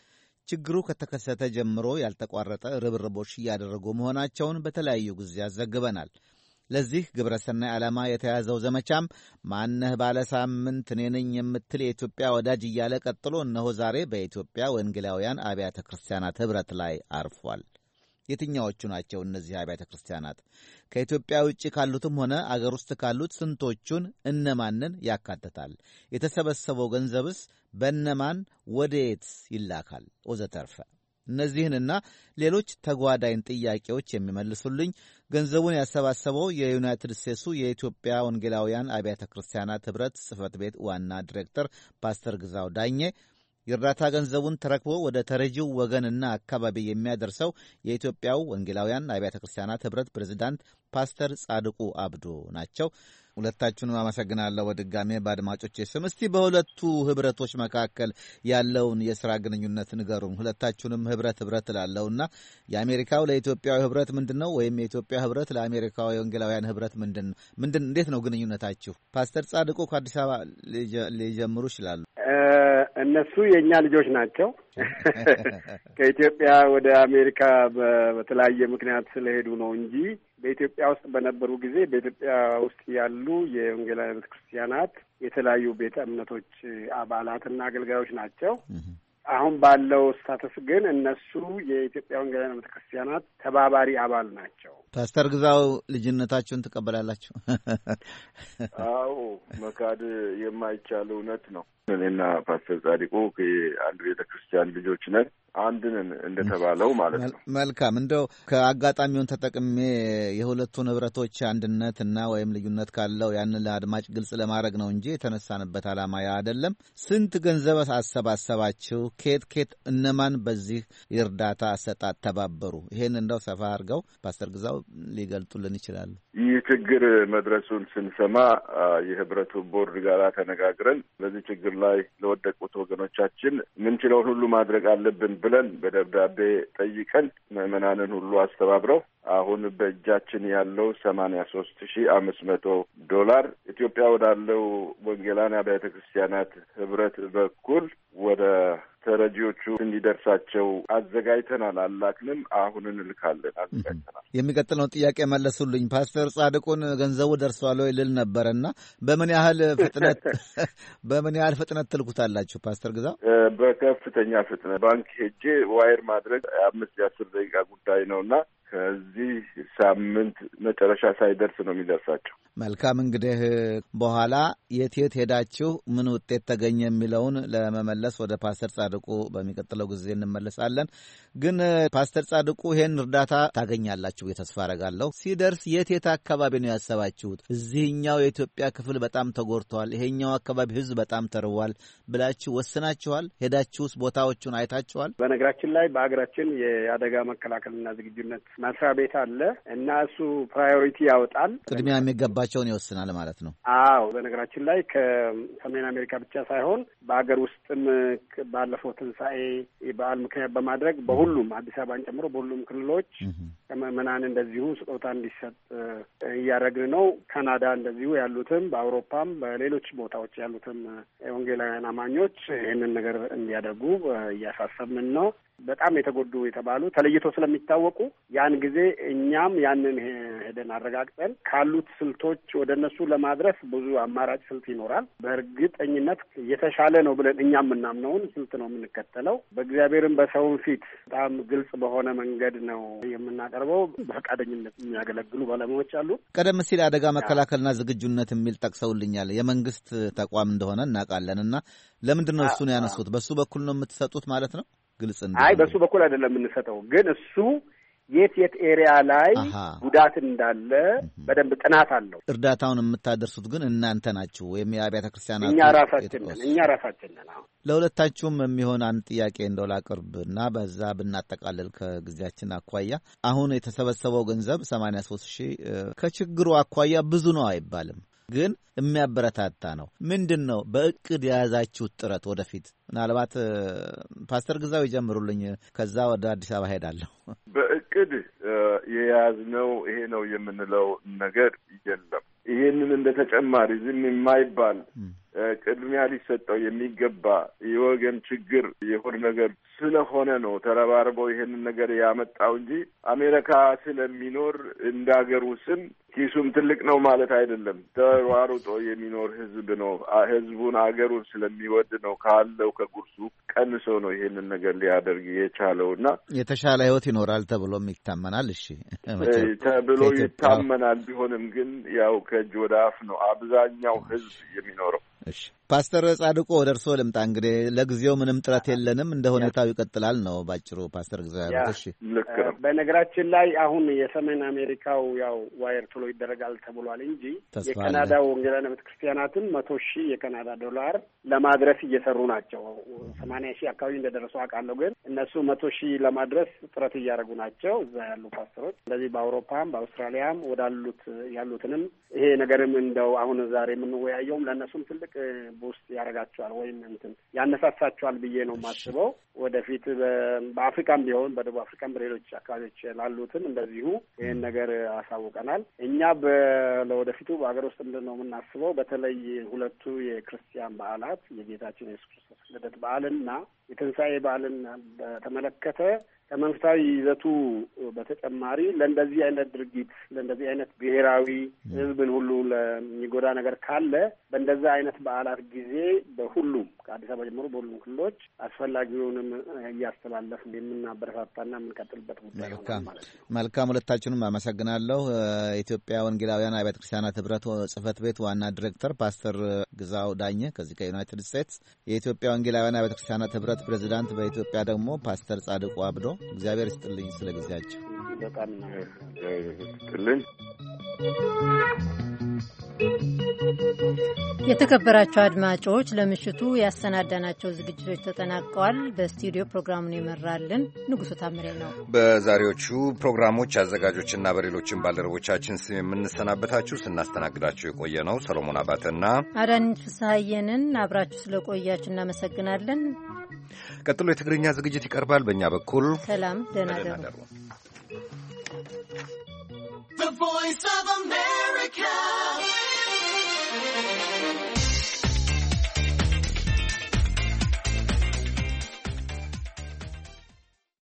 ችግሩ ከተከሰተ ጀምሮ ያልተቋረጠ ርብርቦች እያደረጉ መሆናቸውን በተለያዩ ጊዜያት ዘግበናል። ለዚህ ግብረ ሰናይ ዓላማ የተያዘው ዘመቻም ማነህ ባለ ሳምንት እኔ ነኝ የምትል የኢትዮጵያ ወዳጅ እያለ ቀጥሎ እነሆ ዛሬ በኢትዮጵያ ወንጌላውያን አብያተ ክርስቲያናት ኅብረት ላይ አርፏል። የትኛዎቹ ናቸው እነዚህ አብያተ ክርስቲያናት? ከኢትዮጵያ ውጭ ካሉትም ሆነ አገር ውስጥ ካሉት ስንቶቹን እነማንን ያካትታል? የተሰበሰበው ገንዘብስ በእነማን ወደየት ይላካል? ወዘተርፈ እነዚህንና ሌሎች ተጓዳኝ ጥያቄዎች የሚመልሱልኝ ገንዘቡን ያሰባሰበው የዩናይትድ ስቴትሱ የኢትዮጵያ ወንጌላውያን አብያተ ክርስቲያናት ኅብረት ጽሕፈት ቤት ዋና ዲሬክተር ፓስተር ግዛው ዳኜ የእርዳታ ገንዘቡን ተረክቦ ወደ ተረጂው ወገንና አካባቢ የሚያደርሰው የኢትዮጵያው ወንጌላውያን አብያተ ክርስቲያናት ኅብረት ፕሬዚዳንት ፓስተር ጻድቁ አብዶ ናቸው። ሁለታችሁንም አመሰግናለሁ በድጋሜ በአድማጮች ስም። እስቲ በሁለቱ ህብረቶች መካከል ያለውን የስራ ግንኙነት ንገሩም። ሁለታችሁንም ህብረት ህብረት እላለሁና የአሜሪካው ለኢትዮጵያዊ ህብረት ምንድን ነው? ወይም የኢትዮጵያ ህብረት ለአሜሪካዊ ወንጌላውያን ህብረት ምንድን ነው? ምንድን እንዴት ነው ግንኙነታችሁ? ፓስተር ጻድቁ ከአዲስ አበባ ሊጀምሩ ይችላሉ። እነሱ የእኛ ልጆች ናቸው። ከኢትዮጵያ ወደ አሜሪካ በተለያየ ምክንያት ስለሄዱ ነው እንጂ በኢትዮጵያ ውስጥ በነበሩ ጊዜ በኢትዮጵያ ውስጥ ያሉ የወንጌላውያን ቤተ ክርስቲያናት የተለያዩ ቤተ እምነቶች አባላትና አገልጋዮች ናቸው። አሁን ባለው ስታተስ ግን እነሱ የኢትዮጵያ ወንጌላውያን ቤተ ክርስቲያናት ተባባሪ አባል ናቸው። ፓስተር ግዛው ልጅነታችሁን ትቀበላላችሁ? አዎ፣ መካድ የማይቻል እውነት ነው። እኔና ፓስተር ጻድቁ አንድ ቤተ ክርስቲያን ልጆች ነን፣ አንድንን እንደተባለው ማለት ነው። መልካም እንደው ከአጋጣሚውን ተጠቅሜ የሁለቱ ንብረቶች አንድነት እና ወይም ልዩነት ካለው ያንን ለአድማጭ ግልጽ ለማድረግ ነው እንጂ የተነሳንበት ዓላማ ያ አይደለም። ስንት ገንዘብ አሰባሰባችሁ? ኬት ኬት እነማን በዚህ እርዳታ አሰጣጥ ተባበሩ? ይሄን እንደው ሰፋ አድርገው ፓስተር ግዛው ሊገልጡልን ይችላሉ? ይህ ችግር መድረሱን ስንሰማ የህብረቱ ቦርድ ጋር ተነጋግረን በዚህ ችግር ላይ ለወደቁት ወገኖቻችን የምንችለውን ሁሉ ማድረግ አለብን ብለን በደብዳቤ ጠይቀን ምዕመናንን ሁሉ አስተባብረው አሁን በእጃችን ያለው ሰማንያ ሶስት ሺ አምስት መቶ ዶላር ኢትዮጵያ ወዳለው ወንጌላን አብያተ ክርስቲያናት ህብረት በኩል ወደ ተረጂዎቹ እንዲደርሳቸው አዘጋጅተናል። አላክንም። አሁን እንልካለን። አዘጋጅተናል። የሚቀጥለውን ጥያቄ መለሱልኝ። ፓስተር ጻድቁን ገንዘቡ ደርሷል ወይ ልል ነበረ እና በምን ያህል ፍጥነት በምን ያህል ፍጥነት ትልኩታላችሁ? ፓስተር ግዛ በከፍተኛ ፍጥነት ባንክ ሄጄ ዋይር ማድረግ አምስት የአስር ደቂቃ ጉዳይ ነው እና ከዚህ ሳምንት መጨረሻ ሳይደርስ ነው የሚደርሳቸው። መልካም እንግዲህ በኋላ የት የት ሄዳችሁ ምን ውጤት ተገኘ የሚለውን ለመመለስ ወደ ፓስተር ጻድቁ በሚቀጥለው ጊዜ እንመለሳለን። ግን ፓስተር ጻድቁ ይሄን እርዳታ ታገኛላችሁ የተስፋ አረጋለሁ። ሲደርስ የት የት አካባቢ ነው ያሰባችሁት? እዚህኛው የኢትዮጵያ ክፍል በጣም ተጎድተዋል፣ ይሄኛው አካባቢ ህዝብ በጣም ተርቧል ብላችሁ ወስናችኋል? ሄዳችሁስ ቦታዎቹን አይታችኋል? በነገራችን ላይ በሀገራችን የአደጋ መከላከልና ዝግጁነት መስሪያ ቤት አለ እና እሱ ፕራዮሪቲ ያወጣል፣ ቅድሚያ የሚገባቸውን ይወስናል ማለት ነው። አዎ በነገራችን ላይ ከሰሜን አሜሪካ ብቻ ሳይሆን በሀገር ውስጥም ባለፈው ትንሣኤ በዓል ምክንያት በማድረግ በሁሉም አዲስ አበባን ጨምሮ በሁሉም ክልሎች ከምዕመናን እንደዚሁ ስጦታ እንዲሰጥ እያደረግን ነው። ካናዳ እንደዚሁ ያሉትም በአውሮፓም በሌሎች ቦታዎች ያሉትም ወንጌላውያን አማኞች ይህንን ነገር እንዲያደርጉ እያሳሰብን ነው። በጣም የተጎዱ የተባሉ ተለይቶ ስለሚታወቁ ያን ጊዜ እኛም ያንን ሄደን አረጋግጠን ካሉት ስልቶች ወደ እነሱ ለማድረስ ብዙ አማራጭ ስልት ይኖራል። በእርግጠኝነት የተሻለ ነው ብለን እኛ የምናምነውን ስልት ነው የምንከተለው። በእግዚአብሔርም በሰውን ፊት በጣም ግልጽ በሆነ መንገድ ነው የምናቀርበው። በፈቃደኝነት የሚያገለግሉ ባለሙያዎች አሉ። ቀደም ሲል አደጋ መከላከልና ዝግጁነት የሚል ጠቅሰውልኛል። የመንግስት ተቋም እንደሆነ እናውቃለን እና ለምንድን ነው እሱን ያነሱት? በሱ በኩል ነው የምትሰጡት ማለት ነው? ግልጽ አይ በእሱ በኩል አይደለም የምንሰጠው፣ ግን እሱ የት የት ኤሪያ ላይ ጉዳት እንዳለ በደንብ ጥናት አለው። እርዳታውን የምታደርሱት ግን እናንተ ናችሁ ወይም የአብያተ ክርስቲያናት? እኛ ራሳችን ነን። እኛ ራሳችን ነን። አሁን ለሁለታችሁም የሚሆን አንድ ጥያቄ እንደው ላቅርብ እና በዛ ብናጠቃልል ከጊዜያችን አኳያ አሁን የተሰበሰበው ገንዘብ ሰማንያ ሶስት ሺህ ከችግሩ አኳያ ብዙ ነው አይባልም፣ ግን የሚያበረታታ ነው። ምንድን ነው በእቅድ የያዛችሁት ጥረት ወደፊት ምናልባት ፓስተር ግዛው ይጀምሩልኝ፣ ከዛ ወደ አዲስ አበባ ሄዳለሁ። በእቅድ የያዝነው ይሄ ነው የምንለው ነገር የለም። ይሄንን እንደ ተጨማሪ ዝም የማይባል ቅድሚያ ሊሰጠው የሚገባ የወገን ችግር የሆድ ነገር ስለሆነ ነው ተረባርበው ይሄንን ነገር ያመጣው እንጂ አሜሪካ ስለሚኖር እንደ ሀገሩ ስም ኪሱም ትልቅ ነው ማለት አይደለም። ተሯሩጦ የሚኖር ህዝብ ነው። ህዝቡን አገሩን ስለሚወድ ነው ካለው ከጉርሱ ቀንሶ ነው ይሄንን ነገር ሊያደርግ የቻለው እና የተሻለ ህይወት ይኖራል ተብሎም ይታመናል። እሺ ተብሎ ይታመናል። ቢሆንም ግን ያው ከእጅ ወደ አፍ ነው አብዛኛው ህዝብ የሚኖረው። እሺ ፓስተር ጻድቆ ወደ እርስዎ ልምጣ። እንግዲህ ለጊዜው ምንም ጥረት የለንም፣ እንደ ሁኔታው ይቀጥላል ነው ባጭሩ። ፓስተር እግዚአብሔር እሺ። በነገራችን ላይ አሁን የሰሜን አሜሪካው ያው ዋየር ቶሎ ይደረጋል ተብሏል እንጂ የካናዳው ወንጌላውያን ቤተክርስቲያናትን መቶ ሺህ የካናዳ ዶላር ለማድረስ እየሰሩ ናቸው። ሰማንያ ሺህ አካባቢ እንደደረሱ አውቃለሁ። ግን እነሱ መቶ ሺህ ለማድረስ ጥረት እያደረጉ ናቸው። እዛ ያሉ ፓስተሮች እንደዚህ በአውሮፓም በአውስትራሊያም ወዳሉት ያሉትንም ይሄ ነገርም እንደው አሁን ዛሬ የምንወያየውም ለእነሱም ትልቅ ትልቅ ውስጥ ያደርጋቸዋል ወይም እንትን ያነሳሳቸዋል ብዬ ነው የማስበው። ወደፊት በአፍሪካም ቢሆን በደቡብ አፍሪካም በሌሎች አካባቢዎች ላሉትም እንደዚሁ ይህን ነገር አሳውቀናል። እኛ ለወደፊቱ በሀገር ውስጥ ምንድን ነው የምናስበው? በተለይ ሁለቱ የክርስቲያን በዓላት የጌታችን የሱስ ክርስቶስ ልደት በዓልና የትንሣኤ በዓልን በተመለከተ ከመንፈሳዊ ይዘቱ በተጨማሪ ለእንደዚህ አይነት ድርጊት ለእንደዚህ አይነት ብሔራዊ ህዝብን ሁሉ ለሚጎዳ ነገር ካለ በእንደዚህ አይነት በዓላት ጊዜ በሁሉም ከአዲስ አበባ ጀምሮ በሁሉም ክልሎች አስፈላጊውን ምክሮችንም እያስተላለፍ የምናበረታታና የምንቀጥልበት ጉዳይ መልካም መልካም። ሁለታችሁንም አመሰግናለሁ። ኢትዮጵያ ወንጌላውያን አብያተ ክርስቲያናት ህብረት ጽህፈት ቤት ዋና ዲሬክተር ፓስተር ግዛው ዳኘ ከዚህ ከዩናይትድ ስቴትስ፣ የኢትዮጵያ ወንጌላውያን አብያተ ክርስቲያናት ህብረት ፕሬዚዳንት በኢትዮጵያ ደግሞ ፓስተር ጻድቁ አብዶ፣ እግዚአብሔር ይስጥልኝ ስለ ጊዜያቸው በጣም ይስጥልኝ። የተከበራቸው አድማጮች ለምሽቱ ያሰናዳናቸው ዝግጅቶች ተጠናቀዋል። በስቱዲዮ ፕሮግራሙን የመራልን ንጉሱ ታምሬ ነው። በዛሬዎቹ ፕሮግራሞች አዘጋጆችና በሌሎችን ባልደረቦቻችን ስም የምንሰናበታችሁ ስናስተናግዳችሁ የቆየ ነው ሰሎሞን አባተና አዳኒት ፍስሐየንን። አብራችሁ ስለቆያችሁ እናመሰግናለን። ቀጥሎ የትግርኛ ዝግጅት ይቀርባል። በእኛ በኩል ሰላም፣ ደህና ደሩ። The voice of America